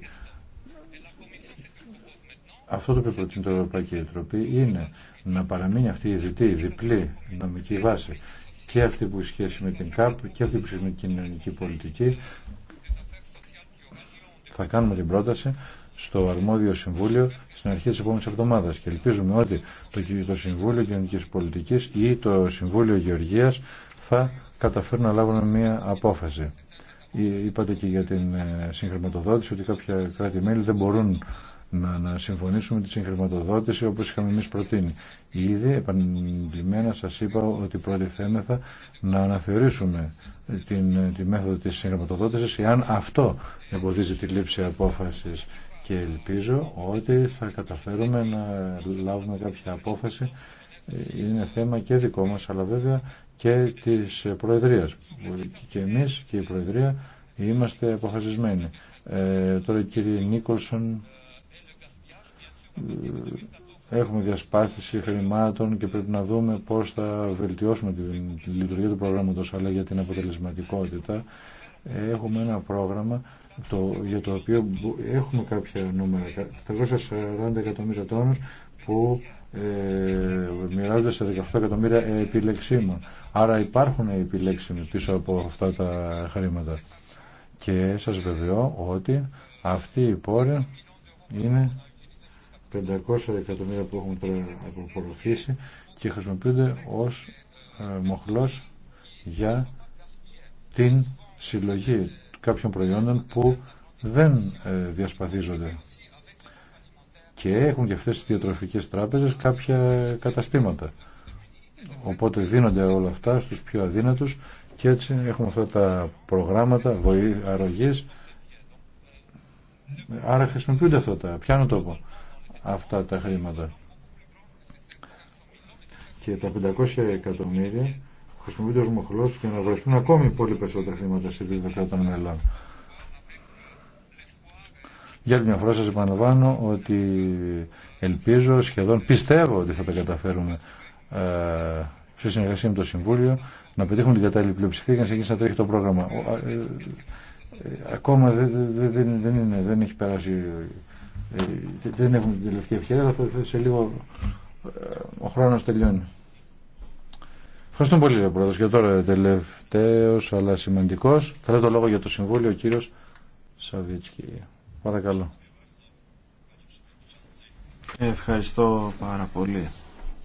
S1: Αυτό το οποίο προτείνει το Ευρωπαϊκή Επιτροπή είναι να παραμείνει αυτή η διτή, η διπλή νομική βάση και αυτή που σχέση με την ΚΑΠ και αυτή που σχέση με την κοινωνική πολιτική. Θα κάνουμε την πρόταση στο αρμόδιο Συμβούλιο στην αρχή της επόμενης εβδομάδας και ελπίζουμε ότι το Συμβούλιο Κοινωνικής Πολιτικής ή το Συμβούλιο Γεωργίας θα καταφέρουν να λάβουν μια απόφαση. Είπατε και για την ε, συγχρηματοδότηση ότι κάποια κράτη-μέλη δεν μπορούν να, να συμφωνήσουμε τη συγχρηματοδότηση όπως είχαμε εμείς προτείνει. Ήδη επανειλημμένα σας είπα ότι πρώτη να αναθεωρήσουμε την, τη μέθοδο της συγχρηματοδότησης εάν αυτό εμποδίζει τη λήψη απόφασης και ελπίζω ότι θα καταφέρουμε να λάβουμε κάποια απόφαση είναι θέμα και δικό μας αλλά βέβαια και της Προεδρίας και εμείς και η Προεδρία είμαστε αποφασισμένοι ε, τώρα κύριε Νίκολσον έχουμε διασπάθηση χρημάτων και πρέπει να δούμε πώς θα βελτιώσουμε τη λειτουργία του προγράμματος αλλά για την αποτελεσματικότητα έχουμε ένα πρόγραμμα το, για το οποίο έχουμε κάποια νούμερα 340 εκατομμύρια τόνους που ε, μοιράζονται σε 18 εκατομμύρια επιλεξίμων. άρα υπάρχουν επιλέξιμοι πίσω από αυτά τα χρήματα και σας βεβαιώ ότι αυτή η πόρια είναι 500 εκατομμύρια που έχουμε τώρα και χρησιμοποιούνται ως ε, μοχλός για την συλλογή κάποιων προϊόντων που δεν ε, διασπαθίζονται και έχουν και αυτές τις διατροφικές τράπεζες κάποια καταστήματα. Οπότε δίνονται όλα αυτά στους πιο αδύνατους και έτσι έχουμε αυτά τα προγράμματα βοή, αρρωγής. Άρα χρησιμοποιούνται αυτά τα, πιάνω τόπο αυτά τα χρήματα. Και τα 500 εκατομμύρια χρησιμοποιούνται ως μοχλός για να βρεθούν ακόμη πολύ περισσότερα χρήματα σε δύο κρατών μελών. Για μια φορά σας επαναλαμβάνω ότι ελπίζω, σχεδόν πιστεύω ότι θα τα καταφέρουμε ε, σε συνεργασία με το Συμβούλιο να πετύχουμε την κατάλληλη πλειοψηφία για να συνεχίσει να τρέχει το πρόγραμμα. Ε, ε, ακόμα δεν, δεν, δεν έχει περάσει ε, δεν έχουμε την τελευταία ευκαιρία, αλλά σε λίγο ε, ο χρόνος τελειώνει. Ευχαριστούμε πολύ, ο Πρόεδρος. Και τώρα τελευταίος, αλλά σημαντικός. Θα λέω το λόγο για το Συμβούλιο, ο κύριος Σαββίτσκι.
S2: Παρακαλώ. Ευχαριστώ πάρα πολύ,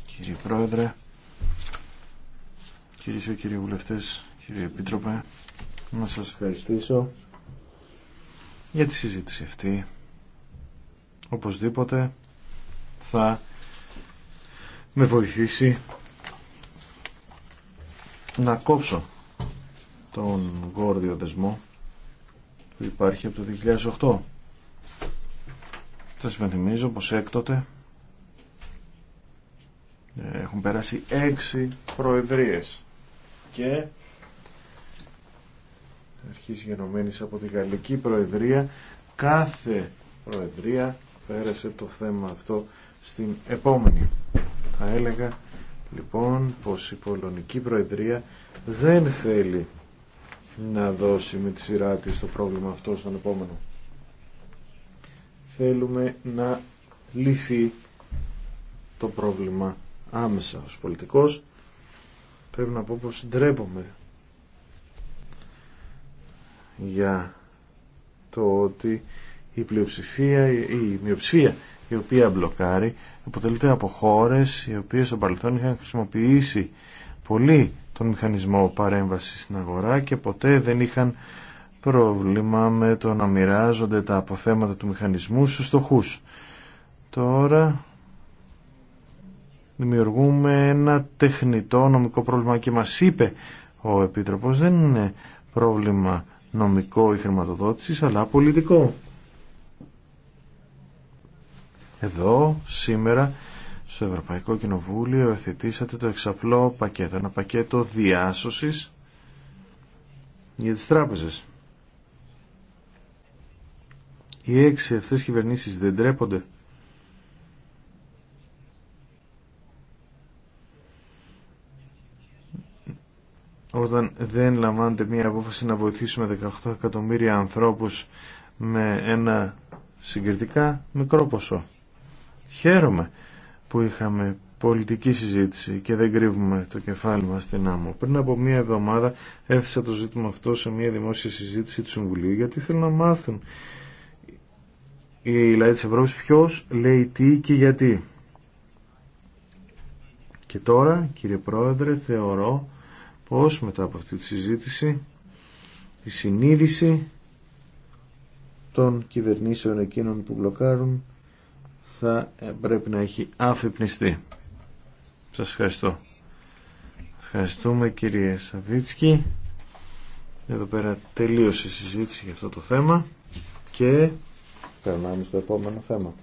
S2: κύριε Πρόεδρε, κυρίες και κύριοι βουλευτές, κύριε Επίτροπε. Να σας ευχαριστήσω για τη συζήτηση αυτή οπωσδήποτε θα με βοηθήσει να κόψω τον γόρδιο δεσμό που υπάρχει από το 2008. Θα υπενθυμίζω πως έκτοτε έχουν περάσει έξι προεδρίες και αρχίζει γενομένης από τη Γαλλική Προεδρία κάθε Προεδρία πέρασε το θέμα αυτό στην επόμενη. Θα έλεγα λοιπόν πως η Πολωνική Προεδρία δεν θέλει να δώσει με τη σειρά της το πρόβλημα αυτό στον επόμενο. Θέλουμε να λυθεί το πρόβλημα άμεσα ως πολιτικός. Πρέπει να πω πως ντρέπομαι για το ότι η πλειοψηφία, η μειοψηφία η οποία μπλοκάρει αποτελείται από χώρες οι οποίες στο παρελθόν είχαν χρησιμοποιήσει πολύ τον μηχανισμό παρέμβασης στην αγορά και ποτέ δεν είχαν πρόβλημα με το να μοιράζονται τα αποθέματα του μηχανισμού στους στοχούς. Τώρα δημιουργούμε ένα τεχνητό νομικό πρόβλημα και μας είπε ο Επίτροπος δεν είναι πρόβλημα νομικό ή χρηματοδότησης αλλά πολιτικό εδώ σήμερα στο Ευρωπαϊκό Κοινοβούλιο εθετήσατε το εξαπλό πακέτο, ένα πακέτο διάσωσης για τις τράπεζες. Οι έξι αυτές κυβερνήσεις δεν τρέπονται. Όταν δεν λαμβάνεται μία απόφαση να βοηθήσουμε 18 εκατομμύρια ανθρώπους με ένα συγκριτικά μικρό ποσό. Χαίρομαι που είχαμε πολιτική συζήτηση και δεν κρύβουμε το κεφάλι μας στην άμμο. Πριν από μία εβδομάδα έθεσα το ζήτημα αυτό σε μία δημόσια συζήτηση του Συμβουλίου γιατί θέλω να μάθουν οι λαοί της Ευρώπης ποιος λέει τι και γιατί. Και τώρα, κύριε Πρόεδρε, θεωρώ πως μετά από αυτή τη συζήτηση η συνείδηση των κυβερνήσεων εκείνων που μπλοκάρουν θα ε, πρέπει να έχει αφυπνιστεί. Σας ευχαριστώ. Ευχαριστούμε κύριε Σαβίτσκι. Εδώ πέρα τελείωσε η συζήτηση για αυτό το θέμα και περνάμε στο επόμενο θέμα.